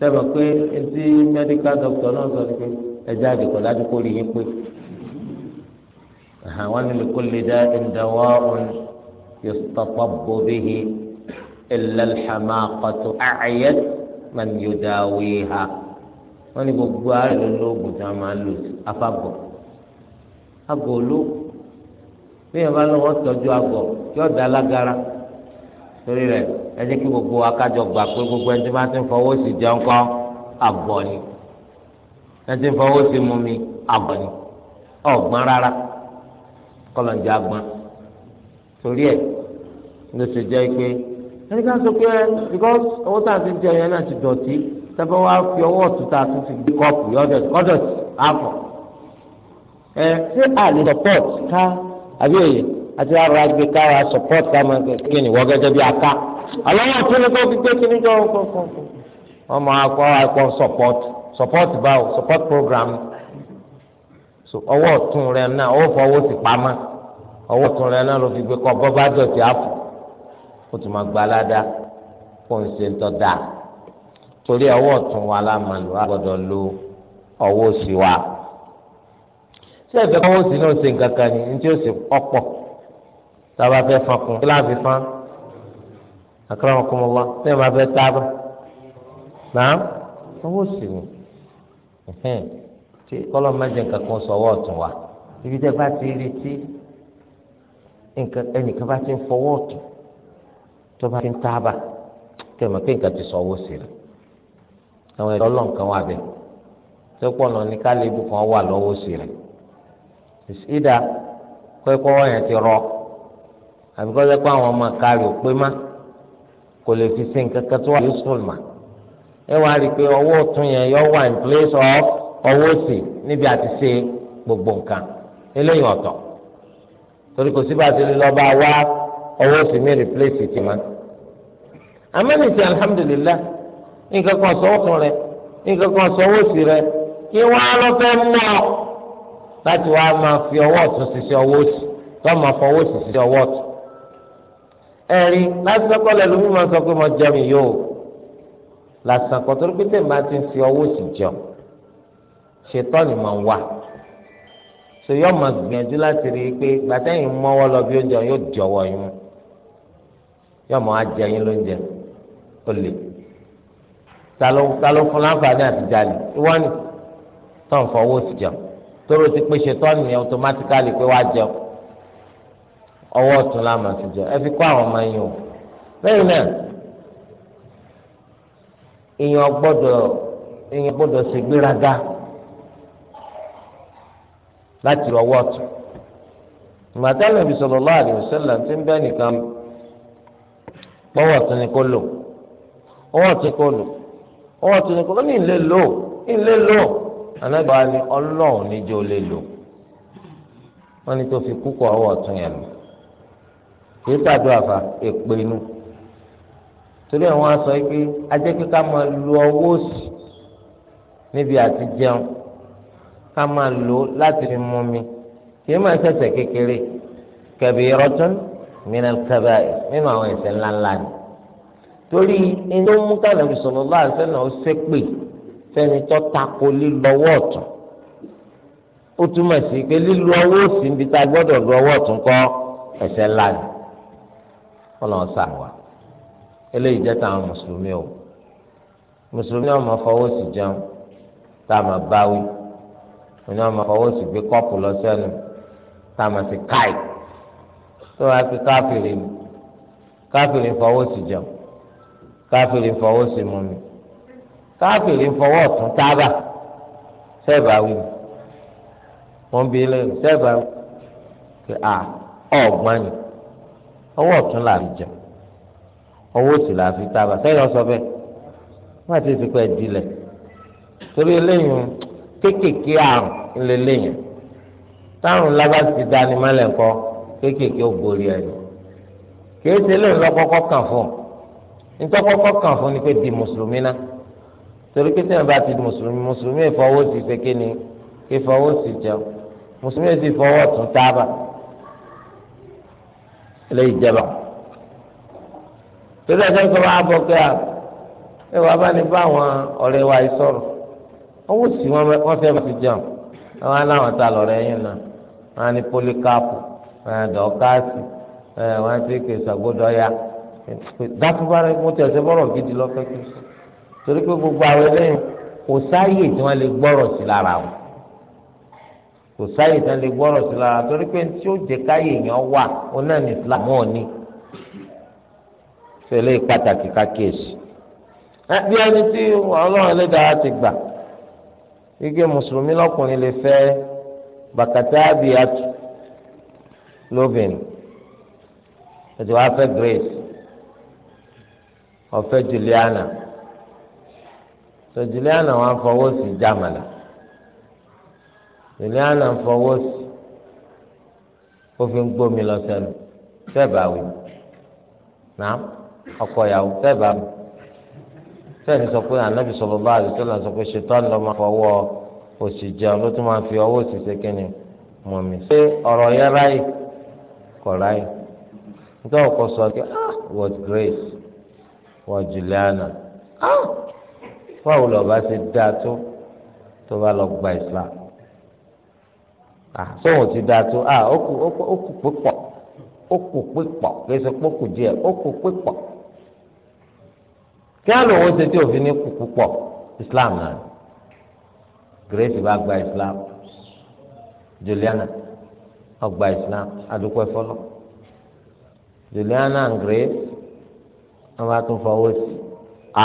sẹ́mi pé etí mẹ́díkà dọ́kítọ̀ náà sọ pé ẹja àdìkọ̀ láti kó rí yín pé àwọn nílò kó lè dá ìdáwọ́ ọ̀hún yòókùtàpá bòbíhi ìlàlhàmà àkọ́tù àyẹ́ màn yóò dá wí ha wọ́n ní gbogbo àárẹ̀ lóògùn tí wọ́n máa lò afábọ̀ àgọ̀ ló bí yẹn bá lọ́wọ́ tọ́jú àgọ̀ yóò dá lágara torí rẹ̀ ẹ jẹ́ kí gbogbo akájọ gbà pé gbogbo ẹni tí wọ́n ti ń fọwọ́ sí jẹun kọ́ àgọ́ ni ẹni tí ń fọwọ́ sí mu mi àgọ́ ni ọ̀gbọ́n rárá kọ́lọ̀ ń jẹ́ agbọ́n torí ẹ̀ ló ṣe jẹ́ pé ẹni ká sọ pé because owó tá a ti jẹ yẹn náà ti dọ̀tí tẹ́fẹ́ wá fi ọwọ́ ọ̀tútà tó ti gbé kọ́ọ̀pù ọ̀dọ̀tí àfọ̀ ẹ ṣé àlè support ká àbí òye àti àrò àgbéká wa support ká máa kí ni wọ́n bí aká àlọ́ wọn tún ní kó fi gbé kíní jọ kọ̀ọ̀kan wọ́n máa kọ́ àìkọ́ support support báwo support program ọwọ́ ọ̀tún rẹ náà ó fọwọ́ sí pamọ́ ọwọ́ ọ̀tún rẹ náà ló fi gbé kọ́ bọ́ bá dọ̀tí àpò ó tún máa gba aládàá kó n ṣe ń tọ́ dáa torí ọwọ́ ọ̀tún wa la máa lò á gbọ́dọ̀ lo ọwọ́ òsì wa ṣé ìfẹ́ kọ́wọ́ òsì náà ṣe nǹkan kan ni ní tí ó sì ọ̀pọ̀ tá a bá fẹ́ fọn kún kí láàfin fán akramakumullah tẹ́ ẹ máa fẹ́ tábà náà owó sì ni tí kọ́lọ́ mẹ́jẹ nǹkan kan sọ̀wọ́ ọ̀tún wa ibi tẹ́ bá ti rí tí ẹnìkan bá ti ń fọwọ́ ọ̀tún tó bá ti ń tábà tẹ́ ẹ máa pé nǹkan ti sọ̀wọ́ sí rẹ̀ àwọn ẹ̀rọ ọlọ́nkan wà bẹ́ẹ̀ tó pọ̀ náà ní kálíbù kan wà lọ́wọ́ sí rẹ̀ ìdá kọ́ ẹ̀kọ́ wọ̀nyẹn ti rọ àbíkọ́ sẹ́kọ́ àwọn ọmọ kárí ò pé má kò lè fi sí nǹkan tó wà useful mà ẹ wá rí i pé ọwọ́ ọ̀tún yẹn yọ wà in place of ọwọ́ òsì níbi àti se gbogbo nǹkan eléyìí ọ̀tọ̀ torí kò síbi àti lọ́ba wá ọwọ́ òsì mi replace ti ma amẹ́nìtì alhamdulilah nǹkan kan sọ ọ̀tún rẹ nǹkan kan sọ ọwọ́ òsì rẹ kí wọ́n á lọ fẹ́ mú ọ láti wá máa fi ọwọ́ ọ̀tún ṣiṣẹ́ ọwọ́ òsì tó máa fọwọ́ òsì ṣiṣẹ́ ọwọ́ ọ̀tún ẹ̀rín lásán kọ́ lẹ́nu mímọ́ sọ pé mo jẹun yóò lásán kọ́ torí pé tèmi bá ti ń fi ọwọ́ sí jẹun ṣètọ́ ni mo ń wà so yóò máa gbìyànjú láti rí i pé gbàtẹ́yìn mọ́wọ́ lọ bí oúnjẹ yóò di ọwọ́ yín mú yóò máa jẹ yín lóúnjẹ ó lè ta ló fún láǹfààní àtijáde ìwọ ni tó ń fọwọ́ sí jẹun tó rò ti pé ṣètọ́ nìyẹn automatically pé wàá jẹun. ọwọ́ ọ̀tún la máa fi jẹ ẹ fi kọ́ àwọn ọmọ yín o lẹ́yìn náà èèyàn gbọ́dọ̀ èèyàn gbọ́dọ̀ ṣe gbéraga láti ọwọ́ ọ̀tún màtálẹ̀ bí sallallahu alaihi wasallam tí ń bẹ́ nìkan pọ́wọ́ ọ̀tún ni kó lò ọwọ́ ọ̀tún kó lò ọwọ́ ọ̀tún ni kó lò ní ìlé lò ìlé lò ni ọlọ́run níjó lè lò wọ́n ní tó fi kúkọ̀ ọwọ́ ọ̀tún kì í sàdó àfà èpè inú torí ẹ̀ wọ́n á sọ pé ajẹ́ pé ká máa lo ọwọ́ òsì níbi àti jẹun ká máa lò láti fi mú mi kì í máa ṣẹ̀ṣẹ̀ kékeré kabiratun minal kaba'ir nínú àwọn ẹ̀ṣẹ̀ ńláńlá ni torí ẹni mú kánàbì sallallahu alaihi wasallam ó ṣépè fẹ́ni tó tako lílo ọwọ́ ọ̀tún ó túmọ̀ sí pé lílo ọwọ́ òsì níbi tá a gbọ́dọ̀ lo ọwọ́ ọ̀tún kọ́ ẹ̀ṣẹ̀ ńlá kọ́lọ́n sàn wá eléyìí jẹ́ táwọn mùsùlùmí o mùsùlùmí ọmọ fọwọ́ sí jẹun tá a máa báwí òní ọmọ fọwọ́ sí gbé kọ́ọ̀pù lọ sẹ́nu tá a máa ti káì tó wáá fi káfìrí mu káfìrí fọwọ́ sí jẹun káfìrí fọwọ́ sí mu mi káfìrí fọwọ́ ọ̀tún tábà sẹ́ẹ̀bà wí mi wọ́n bí lẹ́nu sẹ́ẹ̀bà wí mi ọ̀gbọ́n ni ọwọ́ ọ̀tún là ń jẹun ọwọ́ òsì là fi tábà sẹ́yìn ọ̀sọ́ bẹ́ẹ̀ wọ́n àti ìsìnkú ẹ̀ dilẹ̀ torí eléyìí kéékèèké àrùn lélẹ́yìn táwọn lágbàtí ti dání mọ́lẹ̀ kọ́ kéékèèké ó borí ẹ̀yìn kìí ṣe lóun lọ́kọ́kọ́ kàn fún un nítọ́kọ́kọ́ kàn fún ni pé di mùsùlùmí ná torí pé sẹ́yìn bá ti di mùsùlùmí mùsùlùmí ìfọwọ́sì ṣe kí ni ìfọwọ́sì jẹun mùsùlùmí ti fọwọ́ tún tábà. ilé ìjẹba tó dẹ̀ sẹ́ńkọ́ bá bọ̀ pé ẹ wàá bá ní bá àwọn ọ̀rẹ́ wa yìí sọ̀rọ̀ owó sì wọ́n fẹ́ bá ti jẹun àwọn aláwọ̀ ta lọ̀rẹ́ yín náà wọ́n á ní pólíkáàpù wọ́n á dọ̀ọ́káàsì wọ́n á ti kè sàgbódọ̀ ya dátúbárẹ́ mo tẹ̀ ṣe bọ́rọ̀ gidi lọ́fẹ́ kí torí pé gbogbo àwọn eléyìí kò sáàyè tí wọ́n lè gbọ́rọ̀ kò sáyè tán lè gbọ́rọ̀ sí lára torí pé tí ó jẹ káyè èèyàn wà ó náà ní islam wọn ni fẹlẹ pàtàkì kákíyèsí bí ẹni tí ọlọ́run ẹlẹ́dàá ti gbà wípé mùsùlùmí lọ́kùnrin lè fẹ́ bàkàtà àbíyàtú lóbìnrin ètò wa fẹ́ grace ọ̀fẹ́ juliana tó juliana wọn fọwọ́ sí jamala. Juliana ń fọwọ́ sí ó fi ń gbómi lọ sẹ́nu sẹ́ẹ̀bà wí náà ọkọ ìyàwó sẹ́ẹ̀bà mi sẹ́ẹ̀ni sọ pé ànábì sọ̀rọ̀ bá àdìsọ́ náà sọ pé ṣetán lọ máa fọwọ́ òsì jẹun ló tún máa fi ọwọ́ òsì ṣe kí ni mọ̀ mi. ṣé ọ̀rọ̀ yẹn ráyè kọ̀ ráyè nítorí ọkọ sọ pé ah what grace what Juliana ah báwo lọ́ba ṣe dáa tó tó bá lọ gba ìsìlámù. Ah, sóhun ti da tó a ah, ó kù pípọ̀ ó kù pípọ̀ kéésì pé kù díẹ̀ ó kù pípọ̀ kí á lòun ṣe tí òfin ní kù púpọ̀ Islam náà grace bá gba Islam Juliana ọgbà Islam adúpẹ́ fọlọ́ Juliana grace wọn bá tún fọwọ́ sí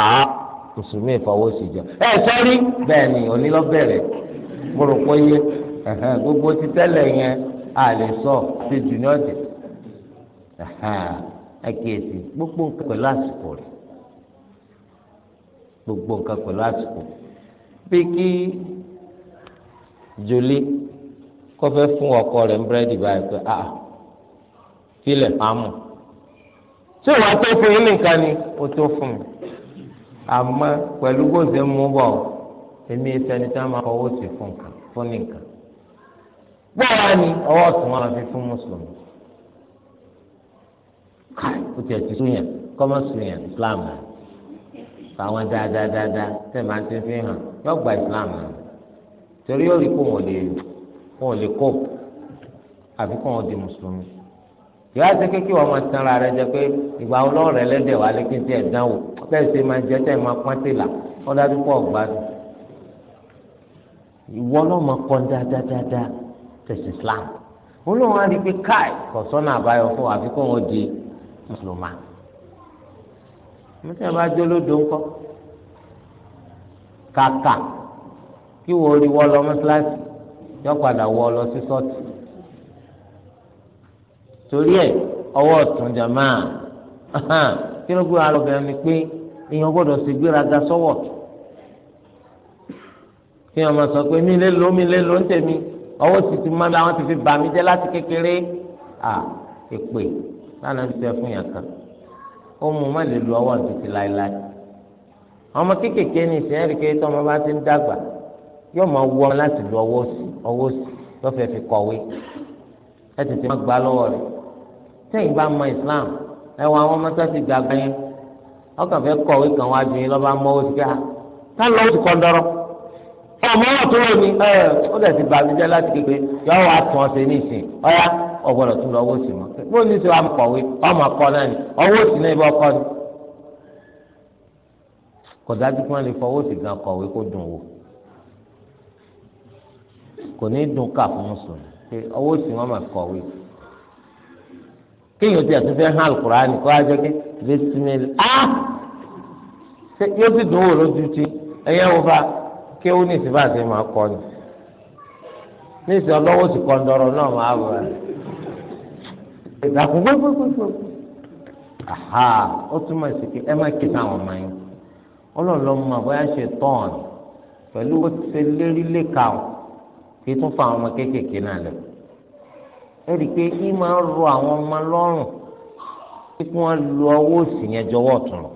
a mùsùlùmí fọwọ́ sí jọ ẹ sọ́rí bẹ́ẹ̀ ni onílọ́bẹ̀rẹ̀ mo rò pé yé gbogbo ti tẹ́lẹ̀ yẹn a lè sọ ṣe jù ní ọ̀jẹ̀ ẹ kíyèsí gbogbo nǹkan pẹ̀lú àsìkò rẹ̀ gbogbo nǹkan pẹ̀lú àsìkò bí kí jolé kó fẹ́ fún ọkọ rẹ̀ ń búrẹ́dì báyìí pé a ah, filẹ̀ pamọ́ tí ìwà tó fún yín nìkan ni ó tó fún mi àmọ́ pẹ̀lú bó ṣe mú bọ̀ èmi ìsẹ́ni tá a máa fọwọ́ sí fún nǹkan fún nìkan bọ́ọ̀lá ni ọwọ́ ọ̀tún wọn fi fún mùsùlùmí káì ó tiẹ̀ ti sún yẹn kọ́mọ́ sún yẹn islam rẹ̀ fáwọn dáadáadáa tẹ̀ máa ti fi hàn yọ gba islam rẹ̀ torí yóò rí kó wọn lè kó wọn lè kó àfi kó wọn di mùsùlùmí yóò ṣe kékeré wọn máa tanra rẹ jẹ pé ìgbà ọlọ́ọ̀rẹ́ lẹ́dẹ̀ wà lẹ́kìn tí ẹ̀ dánwò bẹ́ẹ̀ ṣe máa jẹ́ tẹ̀ máa pọ́n tìlà wọ́n dájú pọ̀ gbádùn ìwọ náà máa kọ́ dáadáadáa tẹ̀sí islam wọn lóun á rí i pé káì kọ̀sọ́nà àbáyọ fún àfi kó wọn di mùsùlùmá mọ́tẹ́ bá jó lódò ńkọ́ kàkà kí wọ́n rí wọ́n lọ mọ́sálásì yọ padà wọ́n lọ sí sọ́ọ̀tì torí ẹ̀ ọwọ́ ọ̀tún jàmá kí ló gbé wa lọ́bẹ̀rẹ̀ ni pé èèyàn gbọ́dọ̀ sì gbéraga sọ́wọ́ kí wọ́n máa sọ pé mi lè lo mi lè lo ń tẹ̀mí ọwọ́ sì ti mọ́ mi àwọn ti fi bà mí jẹ́ láti kékeré à èpè lánàá ti sẹ́ fún yàn kan ó mú má lè lu ọwọ́ títí láéláé ọmọ kéékèèké ní ìsẹ́yìn kékeré tó ọmọ bá ti ń dàgbà yóò máa wú ọmọ láti lu ọwọ́ sí ọwọ́ sí lọ́fẹ̀ẹ́ fi kọ̀wé ẹ tètè má gbá lọ́wọ́ rẹ̀ sẹ́yìn bá mọ Islam ẹ wọ àwọn mọ́tò ti dàgbà yẹn ọkàn fẹ́ kọ̀wé kan wájú yín lọ́ba mọ́wó sí ká tá lọ́wọ́ ti kọ́ dọ́rọ́ mọ́rọ̀ tó rò ní ẹ ó dẹ̀ ti bàmíjẹ́ láti kékeré yọ wá tán ọ̀sẹ̀ ní ìsìn ọ̀yá ọ̀gbọ́dọ̀ tún lọ owó sí mọ́ bó ní sọ àmọ̀kọ̀wé ọmọ kọ náà ni owó sí náà ibà ọkọ ni. kò dájú pé wọ́n lè fọ owó sí gan kọ̀wé kó dùn wò kò ní dùn ká fún mùsùlùmí pé owó sí wọn mà kọ̀wé kéèyàn ti àtúnfẹ́ hàn Al-Kùránì kó ajẹ́ kí bísímìlì Ah, yóò sì dùn wò lójú ti ẹ̀yẹ́ wò fa kí ó ní ìsìnbá àti máa kọ ni ní ìsìn ọlọ́wọ́ ti kọ́ ńdọ̀rọ̀ náà máa bọ̀ ẹ́ ìdàkùn gbogbogbò aha ó túmọ̀ sí pé ẹ má kí táwọn máa yín ọlọ́run lọ́mọ àbọ̀yá ṣe tán pẹ̀lú ó ti lérí léka o kí tún fa àwọn ọmọ kéékèèké náà lẹ ẹ rí i pé kí máa rọ àwọn ọmọ lọ́rùn kí wọ́n lu ọwọ́ òsì yẹn jọwọ́ ọ̀tún lọ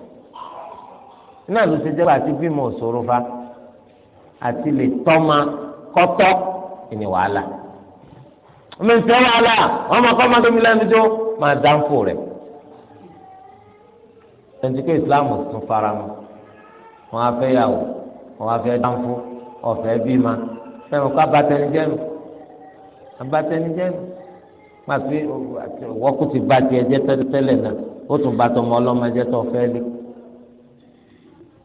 náà ló ṣe jẹ́ bá bímọ òṣòro fa àti lè tọ́ma kọ́tọ́ ìní wàhálà ọmọ ìfẹ́ wàhálà wọn máa kọ́ máa tóbi lẹ́nu tó máa dáńfò rẹ̀ tẹ̀síkẹ́ ìsìláàmù tún fara mọ́ wọn á fẹ́ yàwó wọn á fẹ́ dáńfò ọ̀fẹ́ bímá fẹ́ràn kó abatẹnijẹ́nu abatẹnijẹ́nu máa fi wọ́kù ti ba tiẹ̀ jẹ́ tẹ́lẹ̀ náà ó tún ba tọmọ ọlọ́mọ jẹ́ tó fẹ́ lé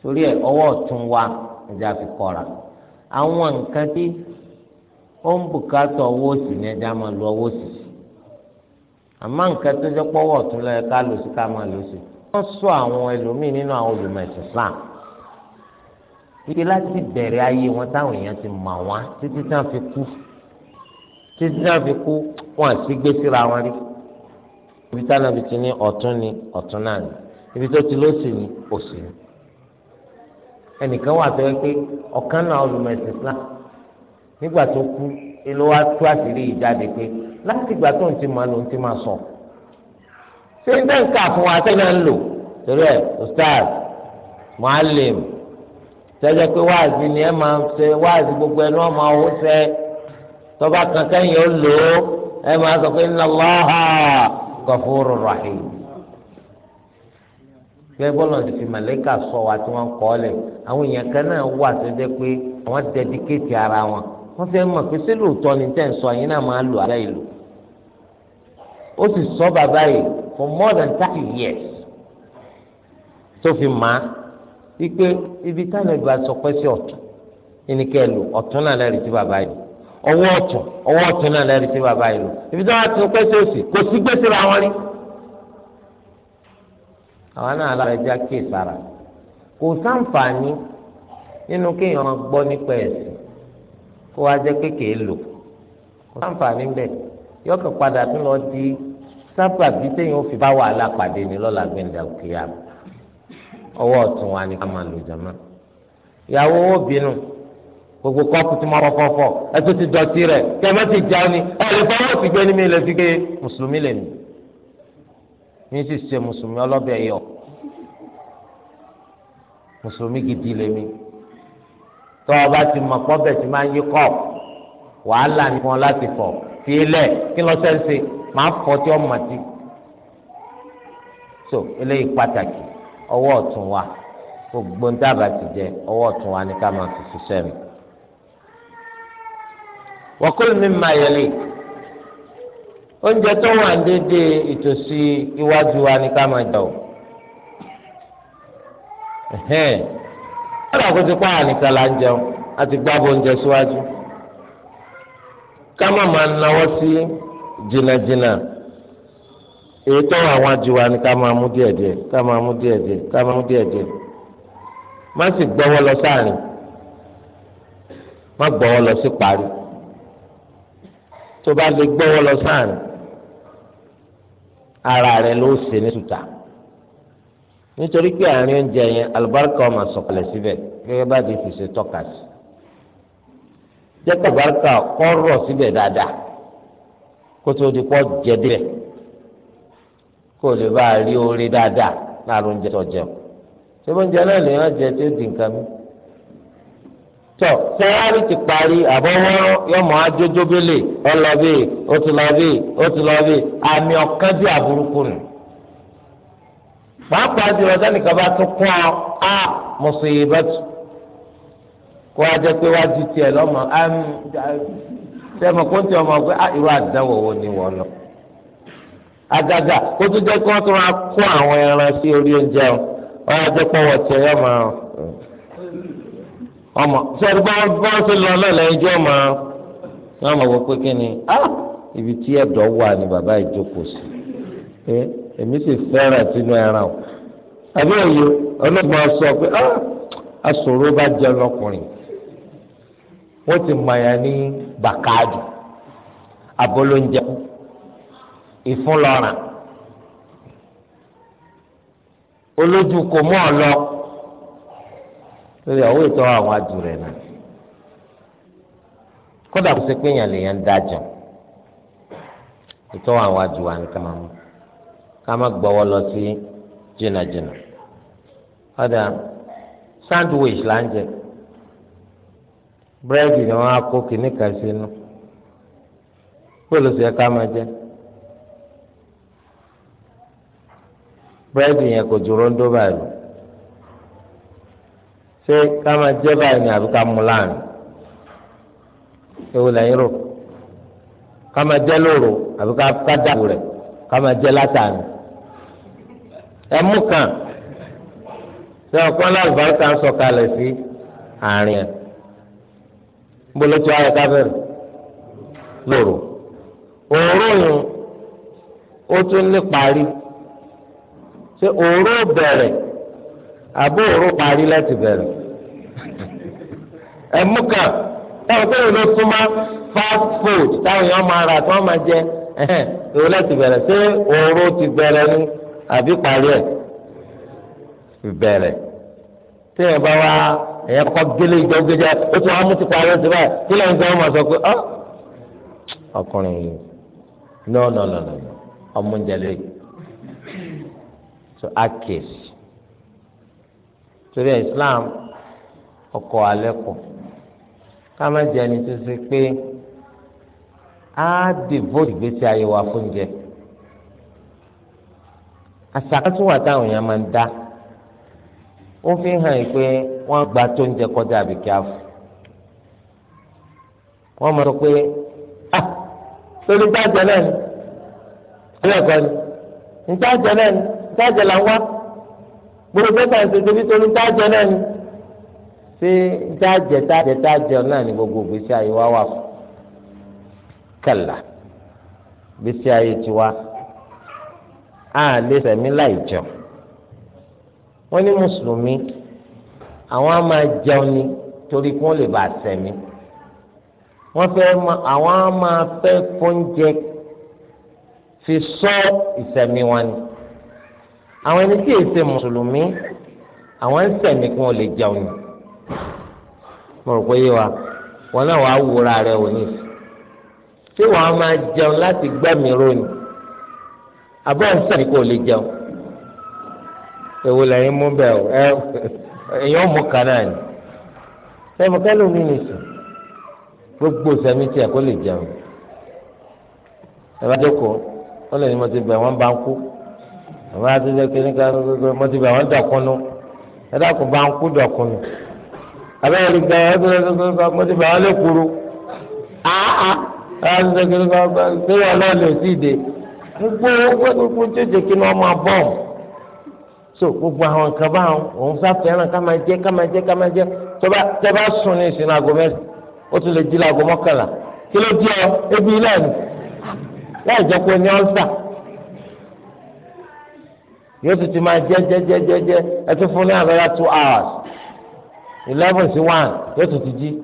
torí ẹ̀ ọwọ́ ọ̀tún wa ìjà fi kọ́ra àwọn nǹkan tí ó ń bùkátà owó sí ni ẹja máa lo owó sí àmọ́ nǹkan tó jẹ́ pọ́wọ́ ọ̀tún lọ ká lò sí ká máa lò sí. wọ́n sọ àwọn ẹlòmíì nínú àwọn olùmọ̀ ẹ̀sìn Islam wípé láti bẹ̀rẹ̀ ayé wọn táwọn èèyàn ti mọ̀ wọ́n títí tí wọ́n fi kú títí tí wọ́n fi kú wọ́n àti gbé síra wọn rí. ibi táwọn ibi ti ní ọ̀tún ni ọ̀tún náà ni ibi tó ti lọ́sìn ni òsì ni ẹnìkan wà tó yẹ pé ọ̀kan náà olùmọ̀ẹ̀sì islam nígbà tó kú ló wá tú àṣírí ìjáde pé láti ìgbà tó ń ti máa lò ń ti máa sọ ṣé ń dẹ́ǹkà fún wa sẹ́yìn náà ń lò torí ẹ̀ ustaz muallim sẹ́jẹ́ pé wáàzì ni ẹ máa ń ṣe wáàzì gbogbo ẹ̀ náà máa wó sẹ́ tọ́ba kankan yẹn lò ẹ máa sọ pé inna Allaha ghafurur rahim gẹ́gẹ́ bọ́lọ̀ ti fi màlẹ́kà sọ wa tí wọ́n kọ́ lẹ̀ àwọn èèyàn kan náà wà tó jẹ́ pé àwọn dẹ́díkéètì ara wọn wọ́n fẹ́ mọ̀ pé ṣé lóòótọ́ ni tẹ́ ń sọ yín náà máa lò àbẹ́ ìlú ó sì sọ bàbá yìí for more than thirty years tó fi mà á wípé ibi táwọn ìgbà sọ pé sí ọ̀tún ní kẹ́ lò ọ̀tún náà lẹ́rìí sí bàbá yìí ọwọ́ ọ̀tún ọwọ́ ọ̀tún náà lẹ́rìí sí bàbá yìí lò ibi táwọn sọ sí òsì kò sí gbèsè ra rí àwọn náà lára ẹja kí ìsara kò sáǹfààní nínú kéèyàn gbọ́ nípa ẹ̀sìn kó wá jẹ́ kéèké lò kò sáǹfààní bẹ́ẹ̀ yọkàn padà tún lọ di sábà bíi téèyàn ó fi bá wàhálà pàdé ní lọ́la gbẹ̀ndà òkèèyà ọwọ́ ọ̀tún wa ni ká máa lò jàmá ìyàwó owó bínú gbogbo kọ́ọ̀pù tí mo rọ fọ́fọ́ ẹ tó ti dọ̀tí rẹ̀ kẹ́mẹ́tì jáni ẹ̀ lè fọwọ́ sí gbé ní mi lè fi gé mùsùlùmí lè nù ní ti ṣe mùsùlùmí ọlọ́bẹ̀ yọ mùsùlùmí gidi lèmi tọ́ ọba ti mọ̀ pọ́bẹ̀ tí máa ń yí kọ́ wàhálà ní wọn láti fọ̀ fi lẹ̀ kí lọ sẹ́ńsẹ̀ máa fọ́ tí ọmọ ti so eléyìí pàtàkì ọwọ́ ọ̀tún wa gbogbo ń dábàá ti jẹ ọwọ́ ọ̀tún wa ní ká máa fi ṣiṣẹ́ mi. wọ́n kúrò mimma yẹlẹ́yìí oúnjẹ tó wà ní déédéé ìtòsí iwájú wa ni ká máa jẹ o kọ́dà kó ti pa ànìkan là ń jẹun àti gbábọ̀ oúnjẹ síwájú ká má máa náwó sí jìnnàjìnnà èyí tó wà wájú wa ni ká máa mú díẹ̀díẹ̀ ká máa mú díẹ̀díẹ̀ ká máa mú díẹ̀díẹ̀ má sì gbọ́wọ́ lọ sáàrin má gbọ́wọ́ lọ sí parí tó bá lè gbọ́wọ́ lọ sáàrin ara rẹ ló ṣe ní tuta nítorí pé àárín oúnjẹ yẹn alùbáríkà ọmọ sọ̀kalẹ̀ síbẹ̀ gẹ́gẹ́ bá ti fi ṣe tọ́ka sí jẹ́pẹ̀ alùbáríkà kọ́ rọ̀ síbẹ̀ dáadáa kó tó di pọ́ jẹ dé kó lè bá a rí orí dáadáa láàrin oúnjẹ tó jẹun ṣé oúnjẹ náà lè yàn jẹ tó di nǹkan mi tọ sẹyárì ti parí àbọwọrọ yọmọ ajójóbélé ọlọbí òtúlọbí òtúlọbí àmì ọkàn bí àbúrúkú nù pàápàá jùlọ sẹnìkan bá tún kún ọ á mùsùlùmí kó a jẹ pé wájú tiẹ lọmọ sẹmọ kó tiẹ ọmọ pé irú àdáwọ wo ni wọn lọ agaga kó tó jẹ kó tó máa kó àwọn ẹran sí orí oúnjẹ ọ ọ yà jẹ pé tiẹ yọ ọmọ sọdọ bá bá ṣe lọ lọlẹ ẹjọ ọmọ wọn máa wọ pé kí ni ibi tí ẹ̀dọ̀ wà ní bàbá ìjókòó sí ẹ èmi sì fẹ́ràn sínú ẹran o àbí òye ọlọ́gbọ́n sọ pé aṣòro bá jẹ ọlọkùnrin wọ́n ti mọ̀ọ́yà ní bàkáàdù abolóúnjẹ ìfúnlọ́ràn olójú kò mọ́ ọ lọ lórí àwọn ètò àwọn adùn rẹ̀ náà kódà kò sí pé èèyàn lè yẹn ń dájọ́ ètò àwọn adùn wa ni ká máa mú ká má gbọ́wọ́ lọ sí jìnnàjìnnà ọ̀dà sandwich là ń jẹ búrẹ́dì ni wọ́n á kó kìíní kan sínú bóòlù sí ẹ ká máa jẹ búrẹ́dì yẹn kò ju rondo báyìí ṣé ká máa jẹ́ báyìí ni àbí ká mú láàrin ewu lẹ́yìn rò ká máa jẹ́ lóru àbí ká dàbò rẹ̀ ká máa jẹ́ látàrin ẹmú kan ṣé ọ̀kan lálùbáríkà ń sọ̀kalẹ̀ sí àárín ẹ̀ bolotu ayọ̀ kábẹ́rẹ́ lóru òórùn ó tún ní parí ṣé òórùn bẹ̀rẹ̀ àbó òru parí láti bẹ̀rẹ̀ ẹ̀mú kan táwọn tó lọ súnmọ́ fast food táwọn èèyàn máa rà tí wọ́n máa jẹ òru láti bẹ̀rẹ̀ ṣé òru ti bẹ̀rẹ̀ ni àbí parí ẹ̀ bẹ̀rẹ̀ tí ẹ bá wá ẹ̀yẹ kọ́ gélé ìjọ gẹ́gẹ́ ó tún wàá mú ti parí ẹ̀sìn báyìí kí lẹ́yìn tí wọ́n máa sọ pé ọ́ ah! ọkùnrin yìí no no ọmọ oúnjẹ so akis torí islam ọkọ alẹ kọ ká má jẹ ẹni tó ṣe pé á devote ìgbésí ayé wa fún jẹ àṣàkátúwà táwọn èèyàn máa ń dá ó fi hàn yìí pé wọ́n gba tó ń jẹ kọjá àbíkí àfọ wọ́n mọ̀ pé ah sórí tájà náà ni ẹlẹ́kọ̀ọ́ ni ntájà náà ni ntájà là gbogbo ẹgbẹ́ ń ṣètò bí torí tájọ náà ni ṣé tájẹ tájẹ tájọ náà ni gbogbo ìgbésí ayé wa wà fún kàlà ìgbésí ayé tiwa a lè sẹ̀mí láì jẹun wọ́n ní mùsùlùmí àwọn á máa jẹun ni torí kí wọ́n lè bá a sẹ̀mí wọ́n fẹ́ àwọn á máa fẹ́ fóúnjẹ fi sọ ìsẹ̀mí wọn ni àwọn ẹni tí èsè mùsùlùmí àwọn ń sẹ̀mí kí wọ́n lè jẹun ni mo rò pé yé wa wọn náà wàá wúra rẹ wò ní ṣé wàá máa jẹun láti gbẹ́mí rónì àbọ̀ ń sẹ̀mí kí wọ́n lè jẹun èwo lẹ́yìn mú bẹ́ẹ̀ o ẹ èèyàn kan náà ni ẹ mọ̀ kẹ́lò mi nì sùn gbogbo sẹ́mi tí a kò lè jẹun ẹ bá jókòó wọ́n lè ní mo ti bẹ̀ wọ́n bá ń kú àwọn àtúnṣe kìíní ká mo ti bẹ àwọn dọkùnú ẹ dákun bá ń kú dọkùnú abẹ́rẹ́ rí gan ẹ dákun ká mo ti bẹ àwọn lẹ́kùrú áá àtúnṣe kìíní ká ṣé wọn náà lè sí ìdè gbogbo gbogbo jẹjẹ kí ni wọn máa bọ̀ so gbogbo àwọn nǹkan báwọn òun sáfẹ́ràn ká máa jẹ ká máa jẹ ká máa jẹ tẹ bá sùn ní ìsìn àgọ́ mẹ́sàn-án ó tún lè jí láago mọ́kànlá kí ló dé ọ ebi náà ni láì jẹ́ pé ní ọ́nsà yóò tún ti máa jẹ jẹ jẹ jẹ jẹ ẹ tún fún ní another two hours eleven sí one yóò tún ti jí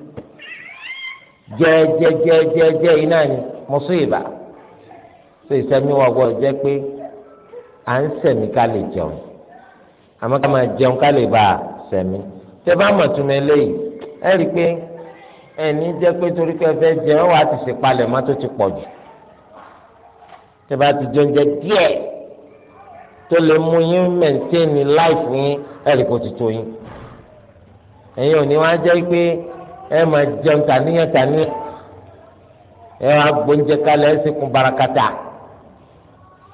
jẹ jẹ jẹ jẹ jẹ iná ni musiba so ìsẹmí wa gbọ́dọ̀ jẹ pé à ń sẹmí ká lè jẹun àmọ́ ká máa jẹun ká lè bá a sẹmí tẹ bá mọ̀ tún eléyìí ẹ rí i pé ẹni jẹ pé torí pé ẹ fẹ́ jẹun wàá ti ṣèpalẹ̀ mọ́ ti pọ̀ jù tẹ bá ti jẹun jẹ díẹ̀ tó lè mú yín mẹ̀ntẹ́ẹ̀nì láìfù yín ẹ̀rì kò ti tó yín ẹ̀yin ò ní wá jẹ́ pé ẹ máa jẹun tàníyàn tàníyàn ẹ wá gbóúnjẹ kalẹ̀ ẹ sì kún barakata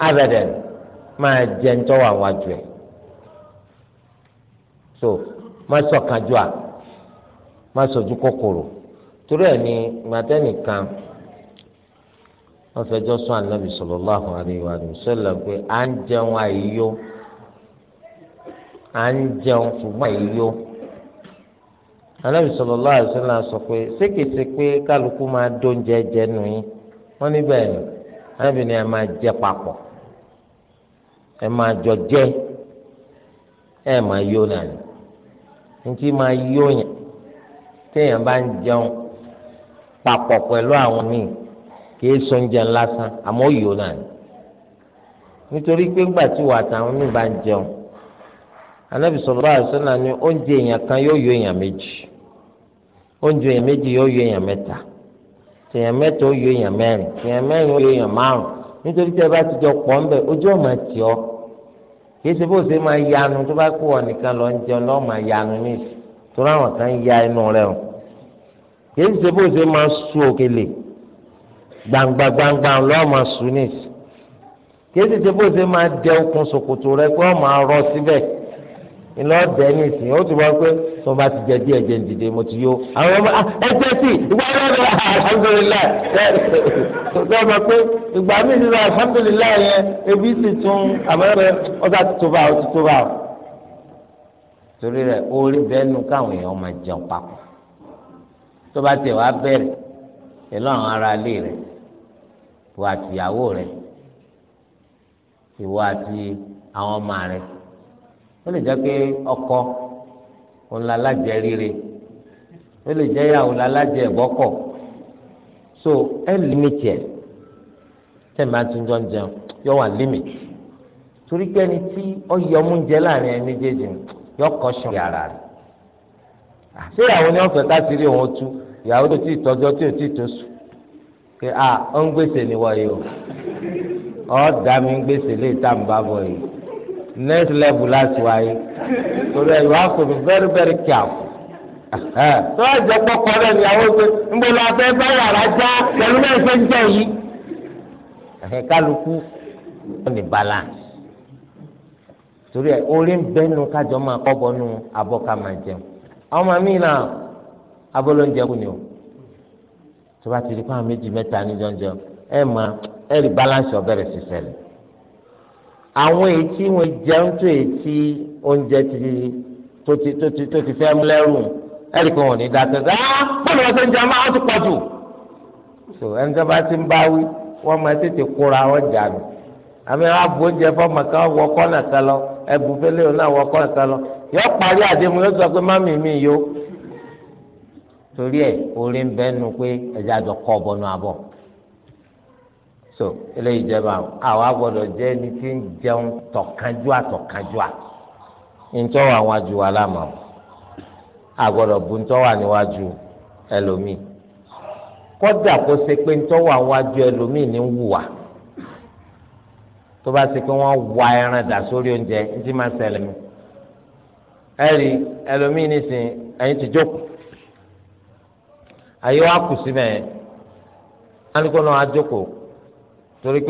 abẹ́dẹ̀n máa jẹ ń tọ́wọ́ àwọn àjọ ẹ̀ so má sọ̀kan jù à má sọ̀jú kòkòrò torí ẹ̀ ní gbàtẹ́nìkan wọ́n fẹjọ́ sún ànábì sallallahu alaihi wa sallam pé à ń jẹun àìyó à ń jẹun ṣùgbọ́n àìyó ànábì sallallahu alaihi wa sallam sọ pé sékèsè pé kálukú máa dóúnjẹ jẹ nù yín wọ́n níbẹ̀ ni ànábì ni ẹ máa jẹ papọ̀ ẹ máa jọ jẹ ẹ máa yó náà ni máa yó yẹn téèyàn bá ń jẹun papọ̀ pẹ̀lú àwọn míì kìí sọ oúnjẹ lásán àmọ́ yòó náà ni nítorí pé ńgbà tí wàá tàwọn mí bá ń jẹun anábì sallallahu alaihi wasallam ni oúnjẹ èèyàn kan yóò yọ èèyàn méjì oúnjẹ èèyàn méjì yóò yọ èèyàn mẹ́ta tèèyàn mẹ́ta ó yọ èèyàn mẹ́rin tèèyàn mẹ́rin ó yọ èèyàn márùn nítorí tí ẹ bá ti jọ pọ̀ ńbẹ ojú ọ̀mà tì ọ́ kìí ṣe bó ṣe máa yanu tó bá kó wọn nìkan lọ ń jẹun lọ́ọ́ máa yanu ní ìsìn tó ráwọn kan ya inú rẹ̀ o kìí ṣe bó ṣe máa sú òkèlè gbangba gbangba lọ́ọ̀mà sunis kéésì tí bó ṣe máa dẹ okùn ṣòkòtò rẹ pé ọmọ arọ síbẹ̀ ìlọ́ọ̀dẹ ní ìsìn ó ti wá pé tó bá ti jẹ díẹ̀ jẹ dìde mo ti yó àwọn ọmọ ah, ẹgbẹ́ sí ìgbà ọlọ́dẹ alhamdulilá ṣe ọmọ pé ìgbà mi nínú alhamdulilá yẹn ebi sì tún àmọ́rẹ́ ọ̀sà ti tó bá ọ ti tó bá ọ. torí rẹ orí bẹ́ẹ̀ nu káwọn èèyàn máa jẹun papọ̀ tó bá tẹ̀ wá bẹ̀rẹ̀ pẹ̀lú àwọn ará ilé rẹ̀ ìwọ àti ìyàwó rẹ ìwọ àti àwọn ọmọ rẹ ó lè jẹ́ pé ọkọ òun la lájẹ rire ó lè jẹ́ ìyàwó la lájẹ ìbọ́kọ̀ so ẹ límìtì ẹ tẹ̀ máa tún jọ ń jẹun yọ wà límìtì torí pé ẹni tí ó yọ ọmú jẹ láàrin ẹni méjèèjì yọ kọ́ sùn yàrá rẹ ṣé ìyàwó ni wọ́n fẹ́ ká sí rí òun tú ìyàwó tó ti tọ́jọ́ tí ò tí tó sùn pé a ó ń gbèsè níwọ̀ yìí o ọ̀ dà mí ń gbèsè lè tà ń yìí next level láti wáyé torí ẹ̀ wá kò fi very very careful tó a jẹ kpọkọ rẹ níyàwó pé nbọ la fẹ bá yàrá já pẹ̀lú náà ṣe ń jẹ yìí kálukú ó ní balance torí ẹ orí ń bẹnu kájọ máa kọ́ bọ́nu abọ́ ká máa jẹun ọmọ mi náà abọ́ ló ń jẹ ni o tó bá ti di fáwọn méjì mẹ́ta ní jọjọ ẹ mọ ẹ rí balance ọbẹ̀rẹ̀ sí ṣẹlẹ̀ àwọn ètí wọn jẹun tó ètí oúnjẹ tó ti tó ti tó ti fẹ́ mú lẹ́rù ẹ rí kó wọn ní dákẹ́ sẹ́ ah bọ́ọ̀lù ọ̀sẹ̀ ń jẹun máa ń ti pọ̀ jù so ẹni tó bá ti ń báwí wọ́n máa tètè kóra wọn jà nù àmì wọn abo oúnjẹ fọmọ kan wọ kọ́nà kan lọ ẹbùfẹ́lẹ́ òun náà wọ kọ́nà kan lọ yọ torí ẹ orí ń bẹ nu pé ẹjẹ àjọ kọ ọbọnú abọ so eléyìí jẹba àwa gbọ́dọ̀ jẹ ẹni tí ń jẹun tọkànjúà tọkànjúà ntọ́ wà wájú wa lámà o àgbọ̀dọ̀ bu ntọ́ wà níwájú ẹlòmíì kọ́dà kó ṣe pé ntọ́ wà wájú ẹlòmíì ní wùwà tó bá ṣe pé wọ́n wá ẹran dà sórí oúnjẹ ntí máa ṣẹlẹ̀ mi ẹ̀rí ẹlòmíì nísìnyí ẹ̀yin ti jókòó ayé wa kù síbẹ̀ yẹn alùpùpù náà adzoko torí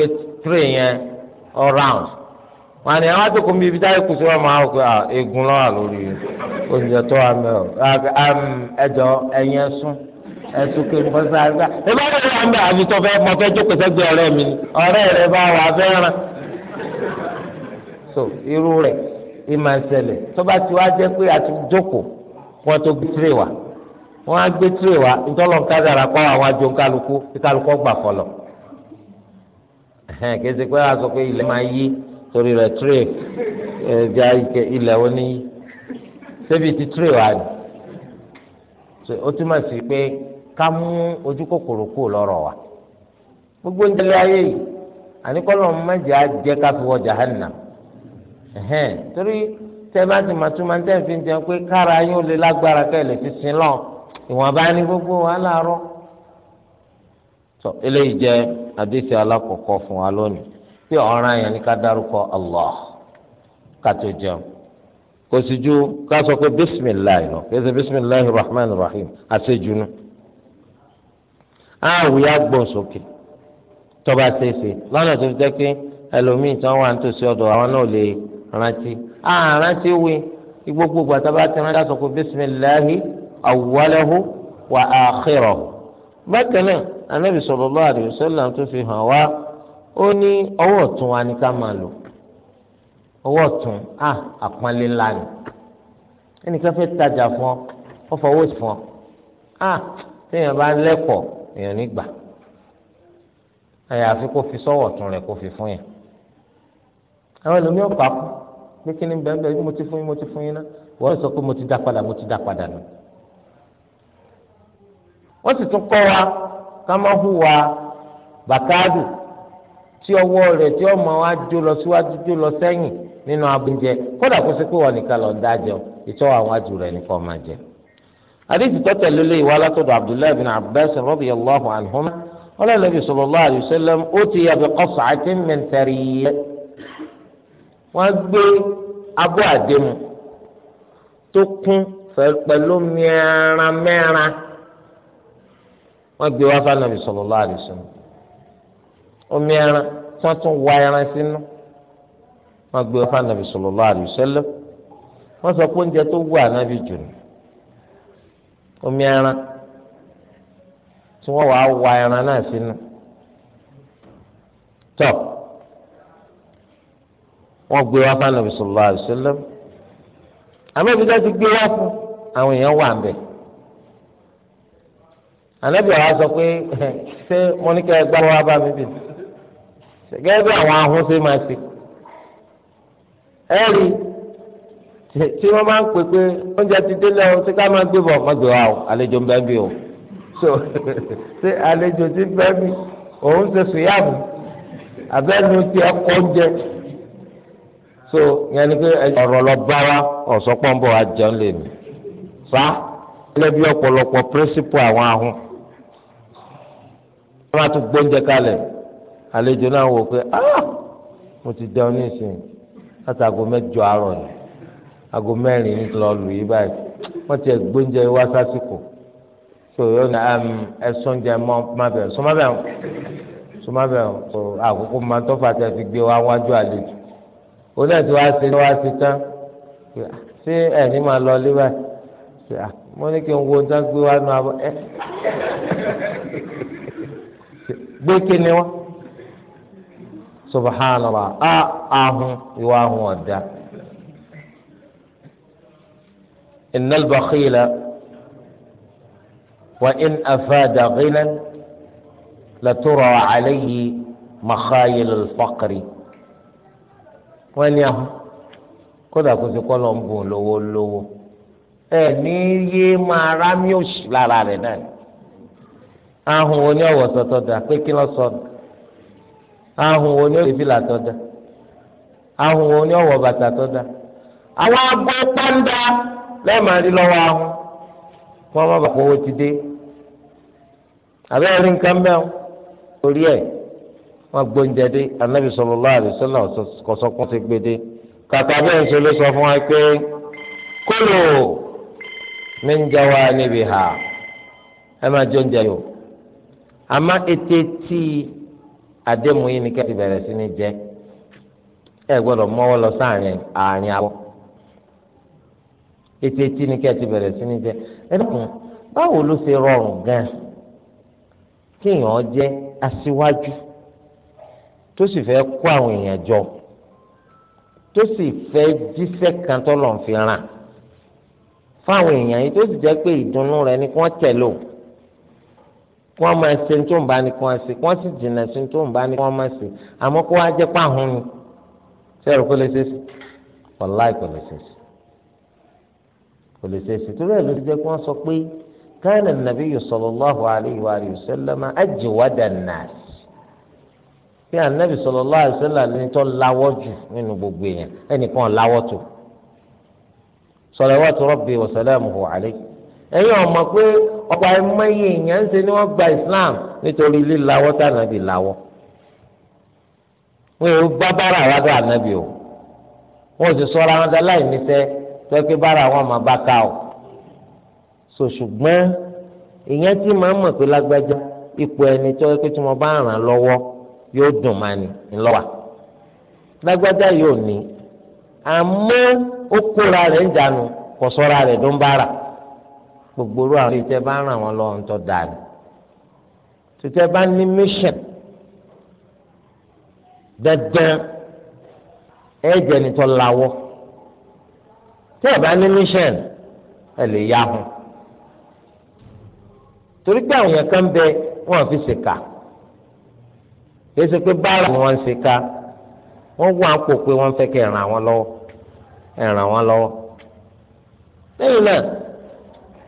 pé yẹn all round wọn ni àwọn mi ibi ta kù sí wọn máa kó egun lọ wà lórí oúnjẹ tó wà mẹ o ẹjọ ẹyin ẹsùn kí n bọ sáré gbà ẹ bá wà lọ mẹ àbí fẹ́ mọ fẹ́ jókòó ọ̀rẹ́ mi ọ̀rẹ́ so irú rẹ ìmọ̀ ẹsẹ̀ lẹ̀ tó bá ti wá jẹ́ pé àti jókòó wọn tó gbé wọn á gbé wa ntọ́lọ́ nkádàrà kọ́ àwọn àjọ nkálukú nkálukú ọgbà fọlọ́ kéde a sọ pé ilẹ̀ máa yí torí rẹ̀ tirẹ̀ ẹ̀ẹ́dì àyíkẹ́ ilẹ̀ wọn ní yí ṣebí ti tirẹ̀ wa ni ó túmọ̀ pé ká mú ojú kòkòrò kú gbogbo ń ayé yìí àníkọ́lọ́ mẹ́jẹ̀ ká fi wọ jahannam torí tẹ́ bá ti tẹ́ fi ń jẹun pé kára lágbára lè fi ìwọ̀nba ní gbogbo wa láàárọ̀ tó eléyìí jẹ́ àdìsí alákọ̀ọ́kọ́ fún wa lónìí pé ọ̀ràn yẹn ni ká dárúkọ Allah ká tó jẹun kò sì ju ká sọ pé bisimilahi lọ kí ẹ sẹ bisimilahi rahman rahim àṣejùnú àwùyá gbọ̀n sókè tọba ṣeéṣe lọ́nà tó fi jẹ́ pé ẹlòmíì tí wọ́n wà nítòsí ọ̀dọ̀ àwọn náà lè rántí àrántí wí gbogbo gbàtà bá ti rántí àsọkò bisimilahi awwalahu wa akhirahu bákan náà anabi sallallahu alaihi wasallam tó fi hàn wá ó ní ọwọ́ ọ̀tún wa ní ká máa lò ọwọ́ ọ̀tún à àpọ́nlé ńlá ni ẹnìkan fẹ́ tajà fún ọ ọ fọwọ́ fún ọ à téèyàn bá lẹ́kọ̀ọ́ èèyàn nígbà àyàfi kó fi sọ́wọ́ ọ̀tún rẹ̀ kó fi fún yẹn àwọn ẹlòmíràn pàápàá pé kí ni bẹ́ẹ̀ bẹ́ẹ̀ mo ti fún yín mo ti fún yín ná wọ́n sọ pé mo ti dá padà mo ti dá padà nù. wọ́n sì tún kọ́ wa ká má hùwà bàkádù tí ọwọ́ rẹ̀ tí ọmọ wa jó lọ síwájú jó lọ sẹ́yìn nínú abúnjẹ kódà kó wọn nìkan lọ ń dájọ ìtọ́ àwọn àjù rẹ̀ nìkan máa jẹ. àdéhùn tó tẹ̀lé látọ̀dọ̀ abdullahi bin abbas radiyallahu anhuma ọlọ́ọ̀lẹ́bí sallallahu alayhi ó ti yà bí wọ́n gbé abọ́ àdéhùn tó kún pẹ̀lú mẹ́ẹ̀rán wọ́n gbé wá fánàbì sallallahu alaihi wasallam omi ẹran tí wọ́n tún wá ẹran sínú wọ́n gbé wá fánàbì sallallahu alaihi wasallam wọ́n sọ pé oúnjẹ tó wù ànábì jù ní omi ẹran tí wọ́n wàá wá ẹran náà sínú tọ́ wọ́n gbé wá fánàbì sallallahu alaihi wasallam àmọ́ ibi tó ti gbé wá fún àwọn èèyàn wà ń bẹ̀ẹ́ ànábì ọ̀rá sọ pé ṣé mo ní kẹ́ ẹ gbá wá bá mi bì gẹ́gẹ́ bí àwọn ahọ́n ṣe máa ṣe ẹ̀rí tí wọ́n máa ń pè pé oúnjẹ ti délé o ṣé ká máa gbé bọ̀ má gbé wa o àlejò ń bẹ́ẹ̀ bí o so ṣé àlejò ti bẹ́ẹ̀ bí òun ṣe sùyàmù abẹ́nu ti ẹ̀kọ́ oúnjẹ so yẹn ni pé ọ̀rọ̀ lọ bá wa ọ̀sọ́pọ̀ ń bọ̀ wá jẹun lè mi fa ẹlẹ́bí ọ̀pọ̀lọpọ̀ pírísìpù àwọn ahọ́n wọ́n á tún gbóúnjẹ kalẹ̀ àlejò náà wò pé ah mo ti dẹ́wọ́n ní láti aago mẹ́jọ àárọ̀ ni aago mẹ́rin ń lọ lù yí báyìí wọ́n ti gbóúnjẹ wá sásìkò so yóò ní ẹ̀sùn oúnjẹ má bẹ̀rẹ̀ sọ má bẹ̀rẹ̀ sọ má bẹ̀rẹ̀ so àkókò máa tó fà tẹ́ fi gbé wá wájú àlejò onídàájú wa ṣe wá sí tán ṣé ẹ̀ní máa lọ lé báyìí mo ní kí n wo dágbé wá nù gbé kíni wa subhanallah a ahun ìwà ahun ọ̀dà innal bakhila wa in afada ghinan latura alayhi makhayil al-faqri wọ́n ní ahun kódà kó ti kọ́ lọ́n bùn lówó lówó ẹ̀ ní yé máa rámí òṣì lára rẹ̀ náà ni ahun koda ko ti ko lon bun lowo lowo e ni ye maa rami osi lara re naa ahùn wo ni ọ̀wọ̀ sọ̀tọ̀ dà pé kí lọ́ sọ ahùn wo ni òbí làtọ̀ dà ahùn wo ni ọ̀wọ̀ bàtà tọ̀ dà àwọn agbó pọ́ńdà lẹ́ẹ̀mọ́rin lọ́wọ́ ahùn ti dé nǹkan mẹ́wọ́ ẹ̀ wọ́n anábì ti gbé dé ama ètè tí àdéhùn yìí ni kẹ́ ti bẹ̀rẹ̀ sí ní jẹ ẹ gbọ́dọ̀ mọ́wọ́ lọ sáàrin àárín awọ ètè tí ni kẹ́ ti bẹ̀rẹ̀ sí ní jẹ ẹ dẹ́kun báwo ló ṣe rọrùn gan kéèyàn jẹ́ aṣíwájú tó sì fẹ́ kó àwọn èèyàn jọ tó sì fẹ́ jíṣẹ́ kan tó lọ́n fi ràn fáwọn èèyàn yìí tó sì jẹ́ pé ìdùnnú rẹ̀ ni kí tẹ̀ lò kí wọ́n máa ṣe tó ń bá ní kí wọ́n ṣe kí wọ́n sì jìnnà sí tó ń bá ní kí wọ́n máa ṣe àmọ́ kó wá jẹ́ pàhùn ni sẹ́rù kó lè ṣe sí wàláì kò lè ṣe sí kò lè ṣe sí torí ló ti jẹ́ kí wọ́n sọ pé káyọ̀nà nàbí sallallahu alayhi wa sallam ajwada nas bí ànábì sallallahu alayhi tó láwọ́ jù nínú gbogbo èèyàn ẹnìkan láwọ́ tó salawatu rabbi wa salamuhu alayhi ẹ̀yin ọmọ pé ọ̀pọ̀ ẹ̀mọ́yé èèyàn ń ṣe ni wọn gba islam nítorí líláwọ́ láwọ́ wọn ò bá bára ànábì o wọn ò sì sọ ara wọn dá láì tó bára wọn bá ká o so ṣùgbọ́n èèyàn tí màá mọ̀ pé lágbájá ipò ẹni tó pé tí mo lọ́wọ́ yóò dùn nì ńlọ́wà lágbájá yóò ní àmọ́ gbogbo ru àwọn ìtẹ́ bá ràn wọ́n lọ́wọ́ ń tọ́ da ni bá ní mission dandan ẹ jẹ́ nítọ́ lawọ́ tẹ́ ẹ bá ní mission ẹ lè yá hun torí pé àwọn yẹn kan bẹ wọn fi ṣèkà kì í ṣe pé báárà ni wọ́n ń wọ àpò pé wọ́n fẹ́ kẹ́ ẹ ràn wọ́n lọ́wọ́ ẹ ràn wọ́n lọ́wọ́ lẹ́yìn náà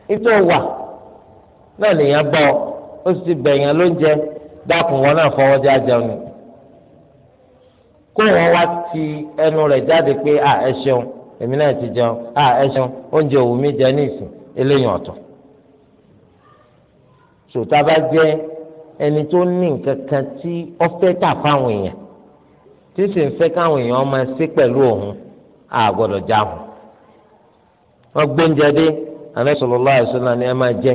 ìtò wà náà nìyẹn bọ ó sì bẹ̀yàn ló dákun wọn náà fọwọ́ jẹun ni kó wọn wá ti ẹnu rẹ̀ jáde pé à ẹ ṣeun èmi náà ti jẹun à ẹ ṣeun oúnjẹ òwú mi jẹ ní ìsìn eléyìí ọ̀tọ̀ sòtá bá jẹ ẹni tó ní nǹkan kan tí ó fẹ́ tà fáwọn èèyàn tí sì ń fẹ́ káwọn èèyàn máa ṣe pẹ̀lú òun àgọ́dọ̀ já wọ́n gbóúnjẹ dé anẹ́sọ̀lọ́lá àìsàn ni ẹ máa jẹ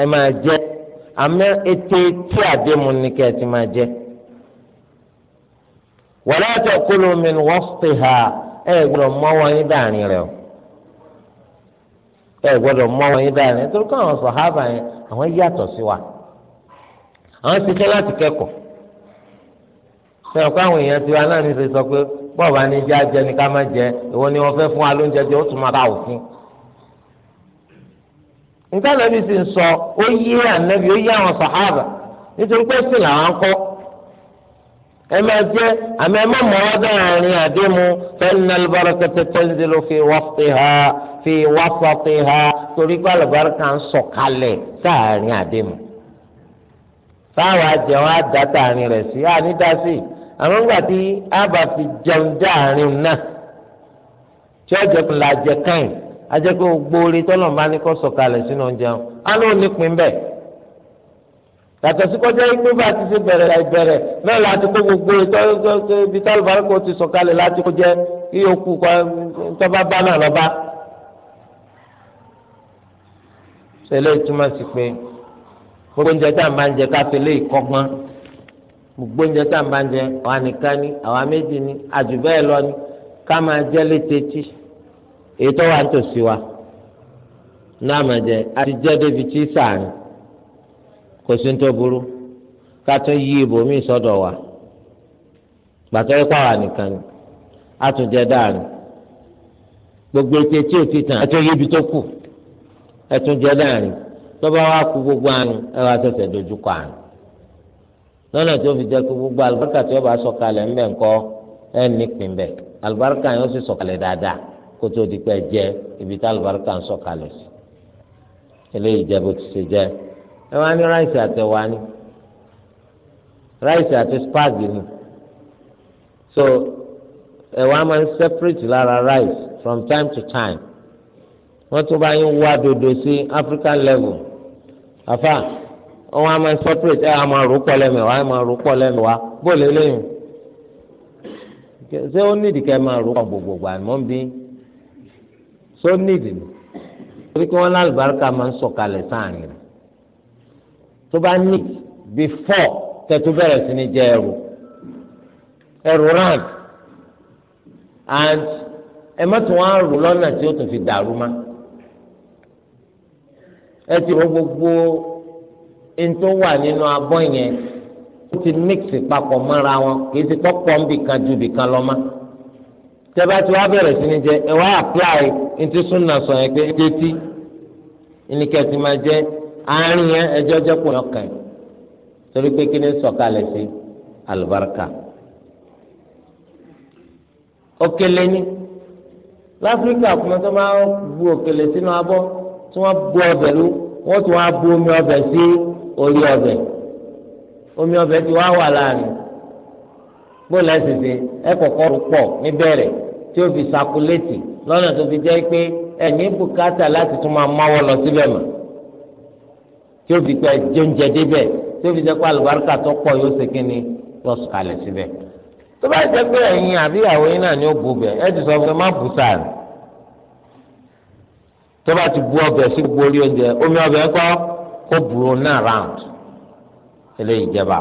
ẹ máa jẹ àmọ́ ètè tí àdéhùn ni kẹ́ ẹ ti máa jẹ. wàlá àtẹ̀kùlù mi wọ́n ti hà ẹ gbọ́dọ̀ mọ́ wọn yín o ẹ gbọ́dọ̀ mọ́ wọn torí àwọn yàtọ̀ sí wa àwọn ti láti kẹ́kọ̀ọ́ bọ́ọ̀bù anijẹ́ ajẹ́ ni ká má jẹ ìwọ ni wọ́n fẹ́ fún wa lóúnjẹ jẹ ó tún máa bá òfin. nǹkan nàbí sì ń sọ ó yé ànábì ó yé àwọn sàhábà nítorí pé sìn làwọn ń kọ́ ẹ máa jẹ àmì ẹ má mọ ọdún àárín àdéhùn fẹ́ẹ́nà lùbáràkẹ́tẹ́ tẹ́ńdìlù fi wọ́pẹ́ ha fi wọ́pẹ́ ha torí pé àlùbáràkà ń sọ̀kalẹ̀ sáàárín àdéhùn. táwọn àjẹwọ́n á dá tààrin rẹ̀ sí ànídàásí àmọ́ ńgbà tí a bá fi jẹun dáàrin náà tí ọjọ́ kan la jẹ káyìn a jẹ́ pé gbogbo orí tọ́lọ̀ bá ní kọ́ sọ̀kalẹ̀ sínú oúnjẹ wọn á lóun nípìn bẹ́ẹ̀ yàtọ̀ sí kọjá igbó bá ti ṣe bẹ̀rẹ̀ láìbẹ̀rẹ̀ náà láti kó gbogbo ìtọ́ ibi tálù barakọ̀ ti sọ̀kalẹ̀ láti kó jẹ́ kí yòókù tọ́ba bá náà lọ́ba. ṣẹlẹ̀ ìtumọ̀ sí pé gbogbo oúnjẹ tá à ń ń jẹ ká fi lé ìkọ́gbọ́n gbogbo oúnjẹ tá à ń bá ń jẹ àwa nìkan ni àwa méjì ni àjù bẹ́ẹ̀ lọ ni ká máa jẹ́ létetí èyí tó wà ń tòsí wa náà máa jẹ àti jẹ́ débi tí sàárín kò sí ní tó burú ká tún yí ibòmíì sọ́dọ̀ wa gbàtọ́ ẹ̀ pàwọ́ nìkan ni a tún jẹ dáàrin gbogbo etí ò ti tàn ẹ tún yí ibi tó kù ẹ tún jẹ dáàrin tó bá wà kú gbogbo àrùn ẹ wá tẹ̀sẹ̀ dojú kọ àrùn lọ́nà tó fi jẹ́ pé gbogbo àlùbáríkà tí wọ́n bá sọ̀kalẹ̀ ńbẹ̀ ńkọ́ ẹ̀ nípìn bẹ̀ àlùbáríkà yẹn ó sì sọ̀kalẹ̀ dáadáa kó tó di pé jẹ́ ibi tí àlùbáríkà ń sọ̀kalẹ̀ sí eléyìí jẹ́ bó ti ṣe jẹ́ ẹ wá ní ráìsì àtẹwà ni ráìsì àti spáàgì ni so ẹ̀wà máa ń separate lára rice from time to time wọ́n tún bá yín wá dodo sí African level afa wọn a máa sọpírẹtì ẹ a máa rò pọ lẹnu wa ẹ máa rò pọ lẹnu wa bó lè lẹ́yìn ṣé ó nídìí kẹ máa rò pọ gbogbogbò àmọ́ bí ṣó nídìí ni torí kí wọn lálùbáríkà máa ń sọ̀kalẹ̀ sáàrin rẹ tó bá ní bífọ tẹtú bẹ̀rẹ̀ sí ni jẹ ẹrù ẹrù rand and ẹ má tún wọn rò lọ́nà tí ó tún fi dàrú ma ẹ ti rò gbogbo ntó wà nínú abọ́ yẹn ó ti mixi papọ̀ mọ́ra wọn kìí ti pọ́pọ́ ń bì kan ju bì kan lọ mọ́ tẹ́bá tí wàá bẹ̀rẹ̀ sí ní jẹ ẹ wá apply ntí súnà sọ yẹn pé détí ìníkẹ́tì máa jẹ àárín yẹn ẹjọ́ jẹ́ pọ̀ lọ́kàn yìí torí pé kí ni sọ̀kalẹ̀ sí alùbáríkà òkèlè ni láfíríkà kùmọ̀ tó máa bu òkèlè sínú abọ́ tí wọ́n bu ọbẹ̀ lu wọ́n tún wá bu omi ọbẹ̀ sí i. orí ọbẹ̀ omi ọbẹ̀ ti wá wà láàrin bóòlù ẹsẹ̀ ṣe pọ̀ níbẹ̀rẹ̀ tí ó fi sakuléètì lọ́nà tó fi jẹ́ pé ẹ̀yìn bùkátà láti tún máa máwọ́ lọ síbẹ̀ mọ́ tí ó fi pẹ́ débẹ̀ tí fi jẹ́ pé àlùbáríkà tó pọ̀ yóò ṣe síbẹ̀ bu bu ọbẹ̀ sí gbogbo orí oúnjẹ omi ọbẹ̀ kọ́ kó burú náà round eléyìí jẹba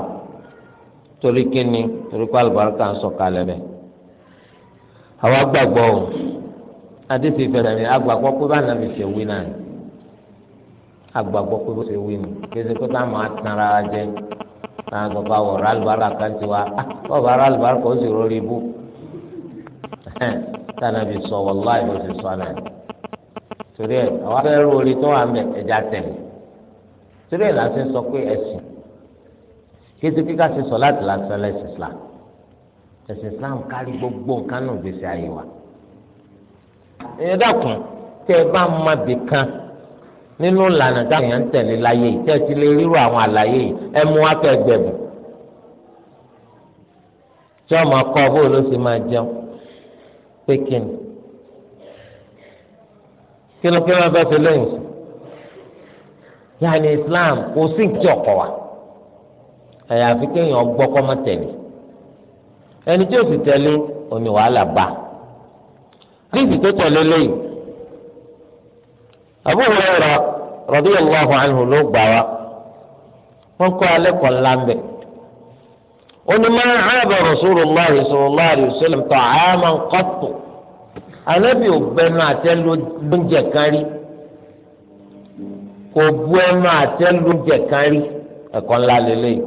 torí kíni torí pé alùbáríkà ń sọ̀kalẹ̀ bẹ́ẹ̀ àwa gbàgbọ́ o adéṣe ìfẹsẹ̀ mi agbàgbọ́ pé bá nàbì ṣe wí náà ni agbàgbọ́ pé bó ṣe wí ni kéde pé táwọn máa tan ara jẹ táwọn sọ pé àwọ̀ alùbáríkà kan ti wá ọ̀bà ah, alùbáríkà ó sì rọrí ibú táwọn fi sọ wọ́n láì bó ṣe sọ náà torí ẹ̀ àwa fẹ́ rú orí tó wà ń bẹ̀ ẹ̀já tẹ̀lé síbẹ̀ láti sọ pé ẹ̀sìn kéde kíkà ṣe sọ láti lásán lẹ́sìn islam ẹ̀sìn islam kárí gbogbo nǹkan náà gbèsè ayé wa. ẹ dákun tẹ ẹ bá máa bì kan nínú ìlànà táwọn èèyàn ń tẹ̀lé láyé yìí tẹ́ ẹ ti lè ríru àwọn àlàyé yìí ẹ mú wá kẹ́ tí ọmọ kọ bó ló ṣe máa jẹun pé kí ni kí ló kí ló fẹ́ fi lóyún sí. yàní islam kò sí nkí ọkọ wa àyàfi kéèyàn gbọ́ kọ́ má tẹ̀lé ẹni tí o sì tẹ̀lé omi wàhálà bá kíkì tó tẹ̀lé lẹ́yìn Abu Hurairah radiyallahu anhu ló gbà wá wọn kọ́ alẹ́ kọ́ ńlá ń bẹ̀ onímọ̀ ààbẹ̀ Rasulullahi sallallahu alaihi ò kò bu ẹnu àtẹlù jẹ kan rí ẹkọ ńlá lélẹ́yìí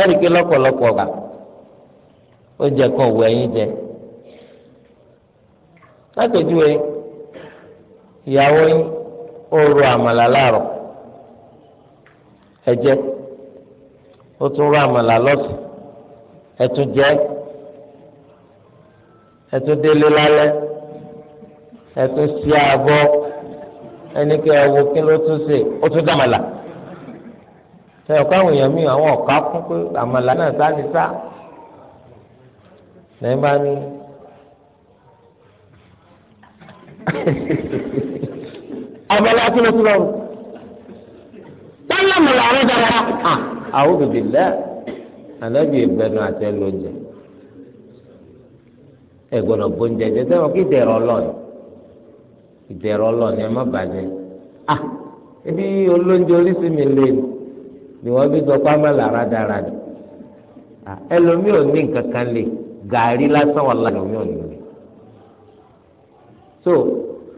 ẹ̀ríkì lọ́pọ̀lọpọ̀ gbà ó jẹ kan òwò ẹ̀yìn jẹ látọjúwe ìyàwó yín ó ro àmàlà láàrọ̀ ẹ ó tún ro àmàlà lọ́sùn etu jẹ délé ẹni kí ẹ wo kí ló tún ṣe ó tún dàmàlà sẹ́yìn ọ̀ká àwọn èèyàn mi àwọn ọ̀ká kún pé àmàlà náà sá ni sá lẹ́yìn bá ní. àmàlà kí ló tún lọ rù tẹ́lẹ̀ àmàlà àwọn dára àwọn òbí lẹ́ ànábì ìbẹ̀nu àti ẹlòmíì ẹ̀ gbọ́dọ̀ bóúnjẹ jẹ sẹ́wọ̀n kí ìdẹ̀rọ̀ ọlọ́run ìbẹ̀rù ọlọ́ọ̀ni ẹ má bàjẹ́ à ah, ebi olóúnjẹ oríṣi mi lè ni wọ́n fi sọ pé àmàlà rádaràdà ah, ẹlòmíì ò ní nǹkan kan lè gàrí lásán wà lára ẹlòmíì ò ní lè so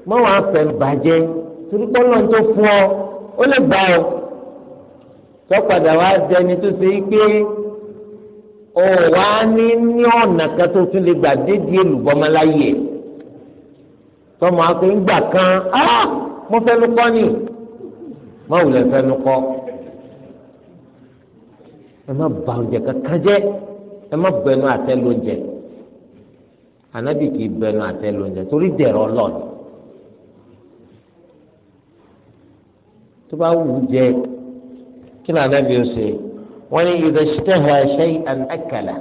mọ wàá fẹnu bàjẹ́ torí pé ọlọ́run tó fún ọ ó lè bá ọ tọ́padà wá jẹni tó ṣe é pé ọ̀wá ní ní ọ̀nà kan tó tún lè gbà dédìé lùbọ́mọláyè tọmọ akpé ńgbà kan ah mo fẹ́ ló kọ́ ni má wulẹ̀ fẹ́ ló kọ́ ẹ má ba oúnjẹ kankan jẹ́ ẹ má bẹnu àtẹ́ lóúnjẹ anabi kì í bẹnu àtẹ́ lóúnjẹ torí dẹ̀rọ lọ́ọ̀dì tó bá wù ú jẹ kí ni anabi ó ṣe wọ́n ní ìdọ̀ṣítẹ́ ha ṣe àkàlà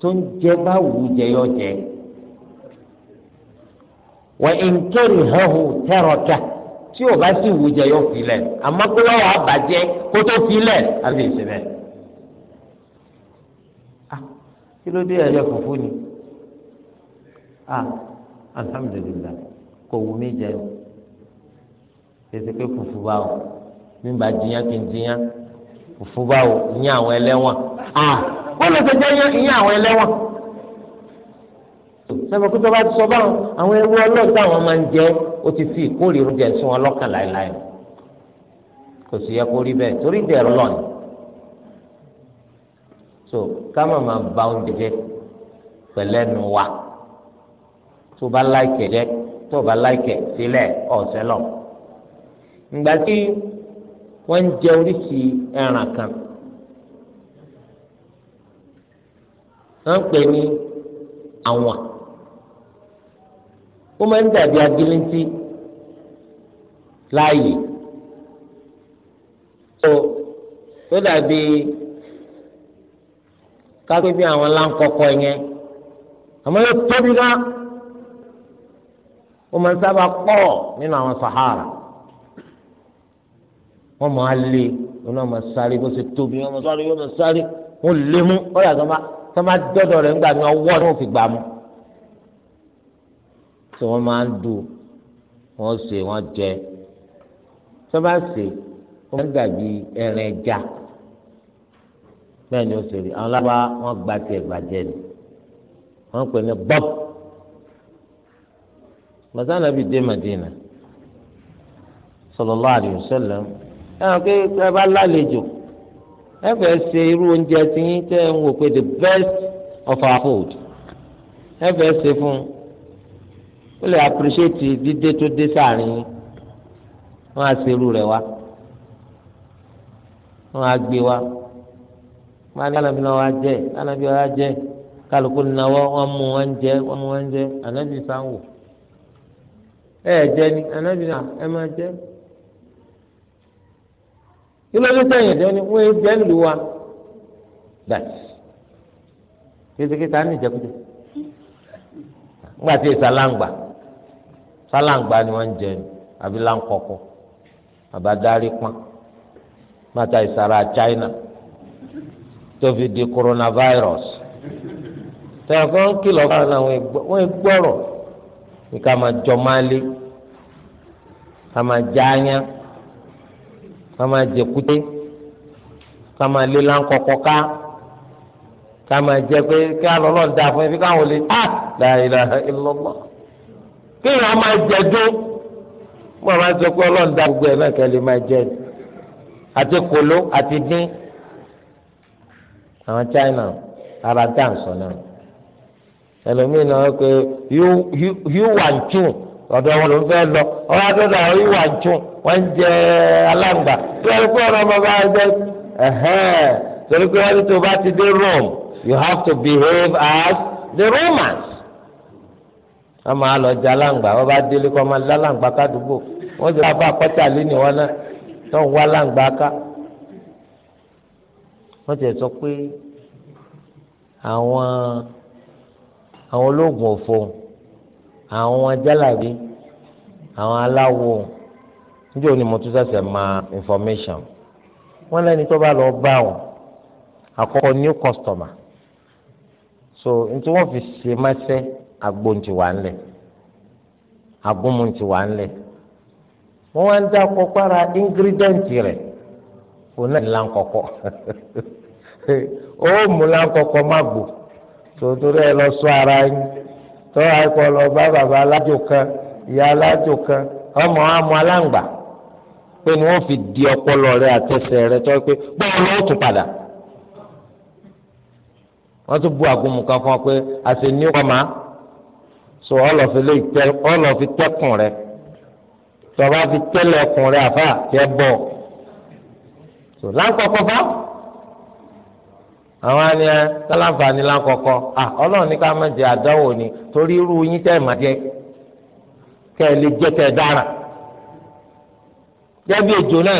tó ń jẹ bá wù ú jẹ yọ jẹ wọ́n ìnkéré hẹ́hù tẹ́rọ̀kẹ́ tí o bá sì wù jẹ yóò fi lẹ̀ àmọ́ pé wọ́n wàá bàjẹ́ kó tó fi lẹ̀ àbí ìṣẹ̀lẹ̀. kí ló dé ẹ̀yọ fùfú ni alhamdulilayi kò wù mí jẹ o tètè pé fùfú bá o mi bá jiyàn kí n jiyàn fùfú bá o ìyẹn àwọn ẹlẹ́wọ̀n wọ́n lè fẹ́ jẹ́ ìyẹn àwọn ẹlẹ́wọ̀n sọfọ kí tọ́ba ti sọ báwọn àwọn ewu ọlọ́ọ̀tà àwọn máa ń jẹ ó ti fi ìkórìíra oúnjẹ sí wọn lọ́kàn láéláé kò sì yẹ kó rí bẹ́ẹ̀ torí ìdẹ̀rù lọ́ni so ká má máa ba oúnjẹ jẹ pẹ̀lẹ́nu wa tó bá láìkẹ̀ jẹ tó bá láìkẹ̀ sílẹ̀ ọ̀sẹ̀ lọ ìgbà tí wọ́n ń jẹ oríṣi ẹran kan wọ́n ń pè ní àwọn ó máa ń dàbí agilintí láàyè tó tó dàbí kápẹ́ bí àwọn láńkọ́kọ́ yẹn àmọ́ yóò tóbi ká ó máa ń sábà pọ̀ nínú àwọn sahara wọ́n máa lé wọn náà máa sáré bó ṣe tóbi wọn máa sáré wọn máa sáré wọn lé mú ọ̀yà tó máa dọ́dọ̀ rẹ̀ ńgbà mi ọwọ́ ni wọ́n fi gbà mú tí wọ́n máa ń du wọ́n sè wọ́n jẹ tí wọ́n bá sè ó máa ń dàbí ẹran ẹja bẹ́ẹ̀ ni ó sèré àwọn lábá wọ́n gba tiẹ̀ gbàjẹ́ ni wọ́n pè ní bọ́b mọ̀sánà bíi dé Madina sallallahu alaihi wasallam ẹ hàn pé ẹ bá lálejò ẹ fẹ́ ṣe irú oúnjẹ tí yín tẹ́ ń wò pé the best of our food ẹ fẹ́ ṣe fún un ó lè apírísíétì dídé tó dé sáàrin yín wọ́n á ṣerú rẹ̀ wá wọ́n á gbé wá wọ́n á ní alábi náà wá jẹ́ alábi wá jẹ́ kálukú náwó wọ́n mú wọn jẹ wọ́n mú wọn jẹ ànábì sáwò ẹ jẹ ni ànábì náà ẹ máa jẹ kí ló dé sẹ́yìn jẹ ni wọ́n jẹ́ ń lu wa dàtí kékeré ta ni ìjẹkújẹ ńgbà tí èsà láǹgbà sálàǹgbá ni wọ́n ń jẹ ni àbí láǹkọ̀kọ̀ àbádárí pọ́n mọ́tà ìsara China tó fi di coronavirus tẹ̀yìn kan kìlọ̀ fún àwọn àwọn ìgbọ́rọ̀ ní ká máa jọ máa lé ká máa já yán ká máa jẹkúté ká máa lé láńkọ̀kọ̀ ká ká máa jẹ pé kí alọ́lọ́ fún ibi káwọn lè tá ah, la ilaha kéèyàn máa jẹ dún bọ́ọ̀ máa sọ pé ọlọ́run dá gbogbo ẹ̀ náà kẹ́lẹ́ máa jẹ àti kòló àti dín àwọn China ara dáǹsọ̀ náà ẹlòmíín náà wọ́n pe yíw wà ń ọ̀dọ̀ wọn ló ń fẹ́ lọ ọ̀rọ̀ àtọ́dọ̀ àwọn yíw wà ń wọ́n jẹ aláǹgbà tí wọ́n ọ̀rọ̀ ọmọ bá jẹ ẹ̀hẹ́n torí pé wọ́n ti tó bá ti dé Rome you have to behave as the Romans wọn máa lọ jẹ aláǹgbá wọn bá délé kọ́ máa lé aláǹgbá kádùúgbò wọn sì bá akọ́tà lé ní wọn náà tó ń wá aláǹgbá ká wọn ti sọ pé àwọn àwọn ológun òfò àwọn jálàbí àwọn aláwo níjẹ́ òní mo tún sẹ̀sẹ̀ máa information wọ́n lẹ́ni tó bá lọ bá wọn àkọ́kọ́ new customer so ntí wọ́n fi ṣe máṣẹ́ agbóǹtì wà ńlẹ̀ agúnmùntì wà ńlẹ̀ wọ́n wá ń dá kọ́kọ́ra ingírídẹ́ǹtì rẹ̀ kò náà ńlá ó mú ńlá má gbò lọ sọ ara yín tó àìkọ́ lọ bá bàbá alájò kan ìyá alájò kan ọmọ amọ aláǹgbà pé ni wọ́n fi di ọpọlọ rẹ àtẹsẹ̀ rẹ tó pé bọ́ọ̀ lọ́wọ́ tún padà wọ́n tún bu àgùnmù kan fún ọ pé àṣẹ ní máa. so ọlọ fi tẹkùn rẹ tọba fi tẹlẹ ọkùn rẹ àfa tẹ bọ so láǹkọ̀kọ̀ fa àwọn àni ẹ kálánfààní láǹkọ̀kọ̀ à ọlọ́run ní ká má jẹ àdánwò ni torí irú yín tẹ́ má jẹ kẹ́ ẹ lè jẹ́ kẹ́ ẹ dára jẹ́bi èjò náà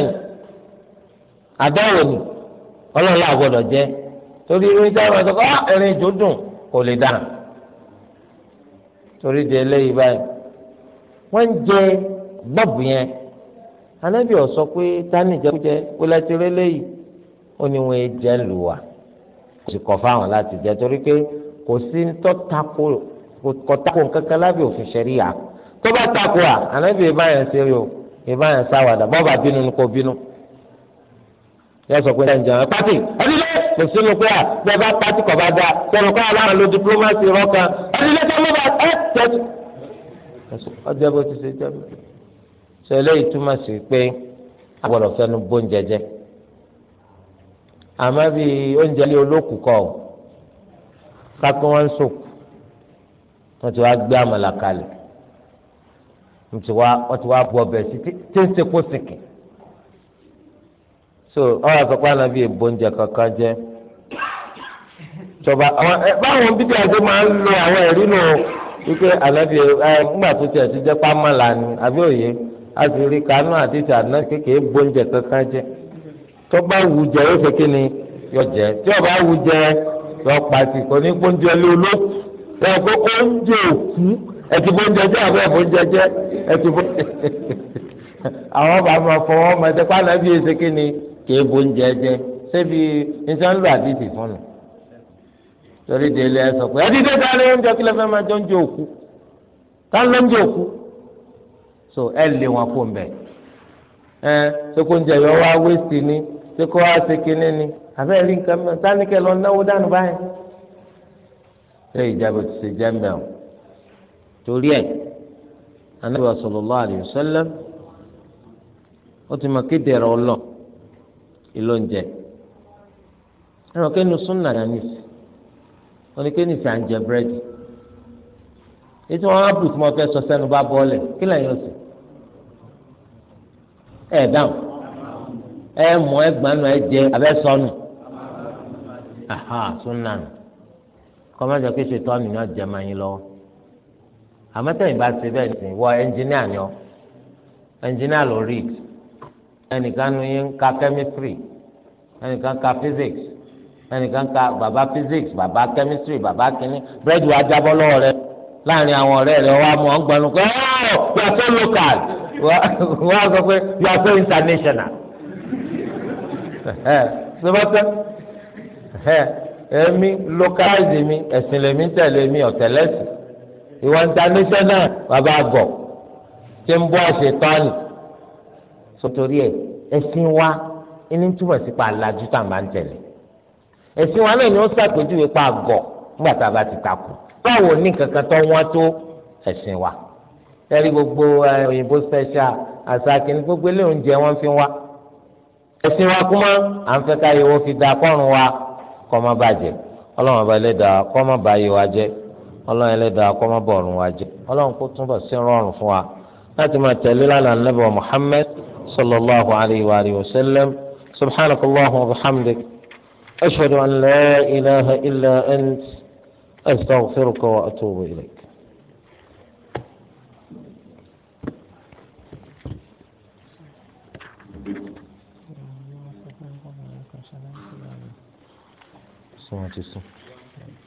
àdánwò ni ọlọ́run làgbọ́dọ̀ torí irú yín tẹ́ má jẹ kọ́ ẹ̀rín dùn kò lè dára. torí di eléyìí báyìí wọ́n ń jẹ bọ́ọ̀bù yẹn anábì ọ̀sọ́ pé tani jẹkújẹ ó láti rí eléyìí ó ní wọn jẹ ń lù wá kò sì kọ̀ fáwọn láti jẹ torí pé kò sí tọ́tako kọ̀tako kankan lábẹ́ òfin ṣẹ̀ríyà tó bá tako à anábì ìbáyẹn ṣeré o ìbáyẹn sáwàdà bọ́ọ̀bà bínú ni kò bínú yẹ sọ pé ẹnjẹ ẹ pati ẹdílé kò sínú pé à bẹ́ẹ̀ bá pati kọ bá da sọ̀rọ̀ kọ aláwọn lo diplomasi rọkan ẹdílé tó ló bá ẹ tẹ́tù ọjọ́ bó ti ṣe jẹ́ bó ti ṣe túmọ̀ sí pé a gbọ́dọ̀ fẹ́nu bóúnjẹ jẹ àmọ́ bí oúnjẹ lé olókùú kọ́ ọ kápẹ́ wọn ń sòkù wọ́n ti wá gbé àmàlà kalẹ̀ wọ́n ti wá wọ́n ti wá bu ọbẹ̀ sí tí ń ṣe kó sìnkì so ọ̀rọ̀ àkọ́kọ́ ànábì èbó oúnjẹ kankan jẹ́ tọba àwọn báwọn bíbí àti máa ń lo àwọn ẹ̀rí nù wípé ànábì ẹ nígbà tó tiẹ̀ ti jẹ́ pàmòlà ni àbí òye a sì rí kanú àti ti àná kékeré gbóúnjẹ kankan jẹ tó bá wù jẹ ó ṣe kí ni yọ jẹ tí ó bá wù jẹ yọ pàṣẹ kò ní gbóúnjẹ lé oló yọ pé oúnjẹ òkú ẹ ti gbóúnjẹ jẹ àbẹ gbóúnjẹ jẹ ẹ ti gbóúnjẹ àwọn bàbá fọwọ́ mọ ẹ ti pàmòlà ẹ ṣe kí kéé gbóúnjẹ jẹ ṣébi ní sọ́nù àti ti fọ́nù torí délé ẹ sọ pé ẹdí dé dáre oúnjẹ kí lè fẹ́ máa jẹ oúnjẹ òkú ká ló ń jẹ òkú so ẹ lé wọn kó mbẹ ẹ sọkò oúnjẹ yọ wá wéṣì ni sọkò wá ṣe kínní ni àbẹ́ rí nǹkan mọ́ sani kẹ lọ náwó dànù báyìí ṣé ìjábọ̀ ti ṣe jẹ́ mbẹ́ o torí ẹ̀ Ànábì sallallahu alayhi wa sallam ó ti mọ kéde ẹ̀rọ ọlọ́ ìlóúnjẹ ẹ̀rọ kẹ́nu súnà dání sí wọn ni pé nìfẹ́ à ń jẹ búrẹ́dì ètò wọn á bù tí wọn fẹ́ sọ sẹ́nu bá bọ́ọ̀lẹ̀ kí lẹ́yìn ọ̀sẹ̀ ẹ̀ dáhùn ẹ̀ mọ̀ ẹ̀ gbanú ẹ̀ jẹ abẹ́ sọnù aha sunna kọ́mọ́jọ kí ṣètò àmì náà jẹ́ máa yín lọ́wọ́ àmọ́ tẹ̀yìn bá ṣe bẹ́ẹ̀ sìn wọ ẹnjìníà ni ọ ẹnjìníà ló rí ẹnìkan nu yín ka chemistry ẹnìkan ka physics ẹnìkan ka bàbá physics bàbá chemistry bàbá kínní bírèdì wa jábọ́ lọ́wọ́ rẹ láàrin àwọn ọ̀rẹ́ rẹ wà mọ ọgbọnù pé ọ oh, yà so local wà sọ pé yà so international sọfọtẹ èmi localize mi ẹ̀sìn lèmi tẹ̀lé mi ọ̀tẹ̀lẹ́sì ìwọ international bàbá gọ̀ ṣé ń bọ́ ṣètọ́ni sọtòrí ẹ̀ ẹ̀sìn wa ẹni túbọ̀ sí pa alájú tá a máa ń tẹ̀lé ẹ̀sìn wa náà ni ó ṣàpèjúwe pa àgọ̀ nígbà tá a bá ti takò báwo ní kankan tó wọ́n tó ẹ̀sìn wa tẹ́lẹ̀ gbogbo òyìnbó special àṣàkì ní gbogbo ilé oúnjẹ wọn fi wá ẹ̀sìn wa kú mọ́ à ń fẹ́ ká yẹ wọ́n fi da kọ́run wa kọ́ má bàjẹ́ ọlọ́run ọba ẹlẹ́dàá kọ́ má bàyè wa jẹ́ ọlọ́run ẹlẹ́dàá kọ́ má bọ̀rùn wa jẹ́ ọlọ́run kó túnbọ̀ sí rọrùn fún wa láti máa tẹ̀lé lánàá nàbẹ̀ Muhammad sallallahu alayhi wa sallam subhanahu wa bihamdik. أشهد أن لا إله إلا أنت أستغفرك وأتوب إليك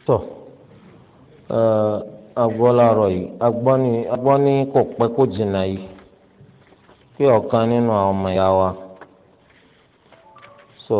tọ́ agbọ́lárọ̀ yìí agbọ́ni agbọ́ni kò pẹ́ kó jìnnà yìí pé ọ̀kan nínú àwọn ọmọ ìyá wa so.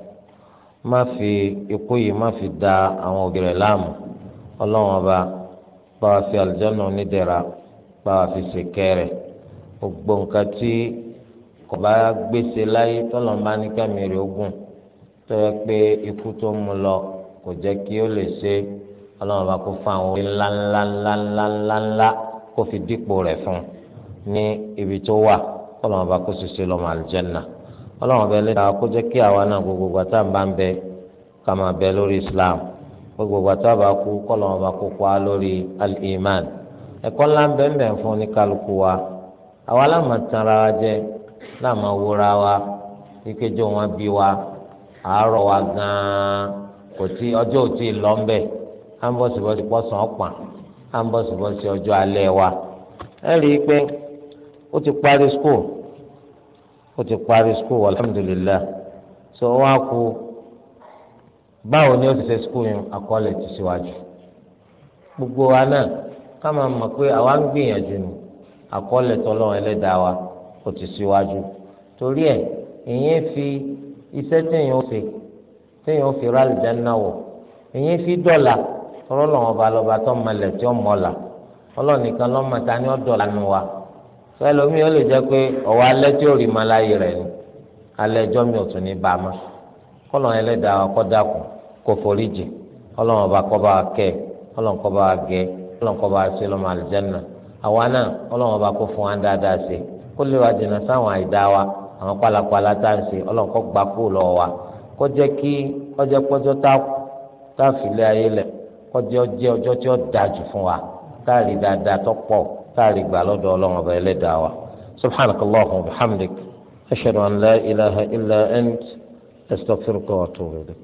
má fi ikú yìí má fi da àwọn òbí rẹ̀ láàmú ọlọ́run ọba bá wa fi àlùjọ́nà onídẹ̀ra bá wa fi ṣèkẹ́ rẹ̀ gbogbo nǹkan tí kò bá gbèsè láyé tọ́lọ̀ bá ní kẹ́mìrì ogun tó yẹ pé ikú tó mú lọ kò jẹ́ kí ó lè ṣe ọlọ́run bá kó fún àwọn orí ńláńláńláńláńlá kó fi dípò rẹ̀ fún ní ibi tó wà ọlọ́run bá kó ṣiṣẹ́ lọ́mọ àlùjànnà. ọlọ́run ọbẹ̀ lè dáa kó jẹ́ kí àwa náà gbogbo gbàtà bá ń bẹ ká máa islam gbogbo gbàtà bá kú kọ́lọ́run bá kó pa lórí al-iman ẹ̀kọ́ ńlá ń bẹ́ẹ̀ bẹ́ẹ̀ fún ní kálukú wa àwa láàmà tanra wa jẹ láàmà wúra wa wọn bí wa àárọ̀ wa gan-an kò ó ti parí skul alhamdulilah so ó wá kú báwo ni ó ti ṣe skul yẹn akọọlẹ ti síwájú gbogbo wa náà ká máa mọ̀ pé àwa ń gbìyànjú ni akọọlẹ tọlọ́run ẹlẹ́dàá wa ó ti síwájú torí ẹ̀ ìyẹn fi iṣẹ́ téèyàn ó fi téèyàn ó fi rálì dáná wọ̀ ìyẹn fi dọ̀là tọlọ́run ọba lọ́ba tó mọlẹ̀ tí ó mọ̀ọ́là ọlọ́ọ̀nìkan lọ́mọ ta ni ó dọ̀là nu wa ẹlòmíì ó lè jẹ́ pé ọ̀wọ́ alẹ́ tí ó rí ma láyé rẹ̀ ni alẹ́ ẹjọ́ mi ò tún ní bá a ma kọ́lọ́n ẹlẹ́dàá ọkọ́ dàkún kò forí jì ọlọ́run ọba kọ́ bá wa kẹ́ ẹ̀ ọlọ́run kọ́ bá wa gẹ́ ọlọ́run kọ́ bá wa ṣe lọ́mọ àlùjẹ́nà àwa náà ọlọ́run ọba kó fún wa dáadáa ṣe kó lè wa jìnnà sáwọn àìdá àwọn pálapàla tá à ń ṣe ọlọ́run kọ́ gbà kú lọ́wọ́ wa kó jẹ́ kí ọjọ́ pọ́jọ́ tá tá fìlẹ̀ ayé lẹ̀ kó jẹ́ ọjọ́ tí ó dájú fún wa táàrí dáadáa tó pọ̀ táàrí gbà lọ́dọ̀ ọlọ́run ọba ẹlẹ́dàá wa subhanaka allahumma wa bihamdik ashhadu an la ilaha illa ant astaghfiruka wa atubu ilayk.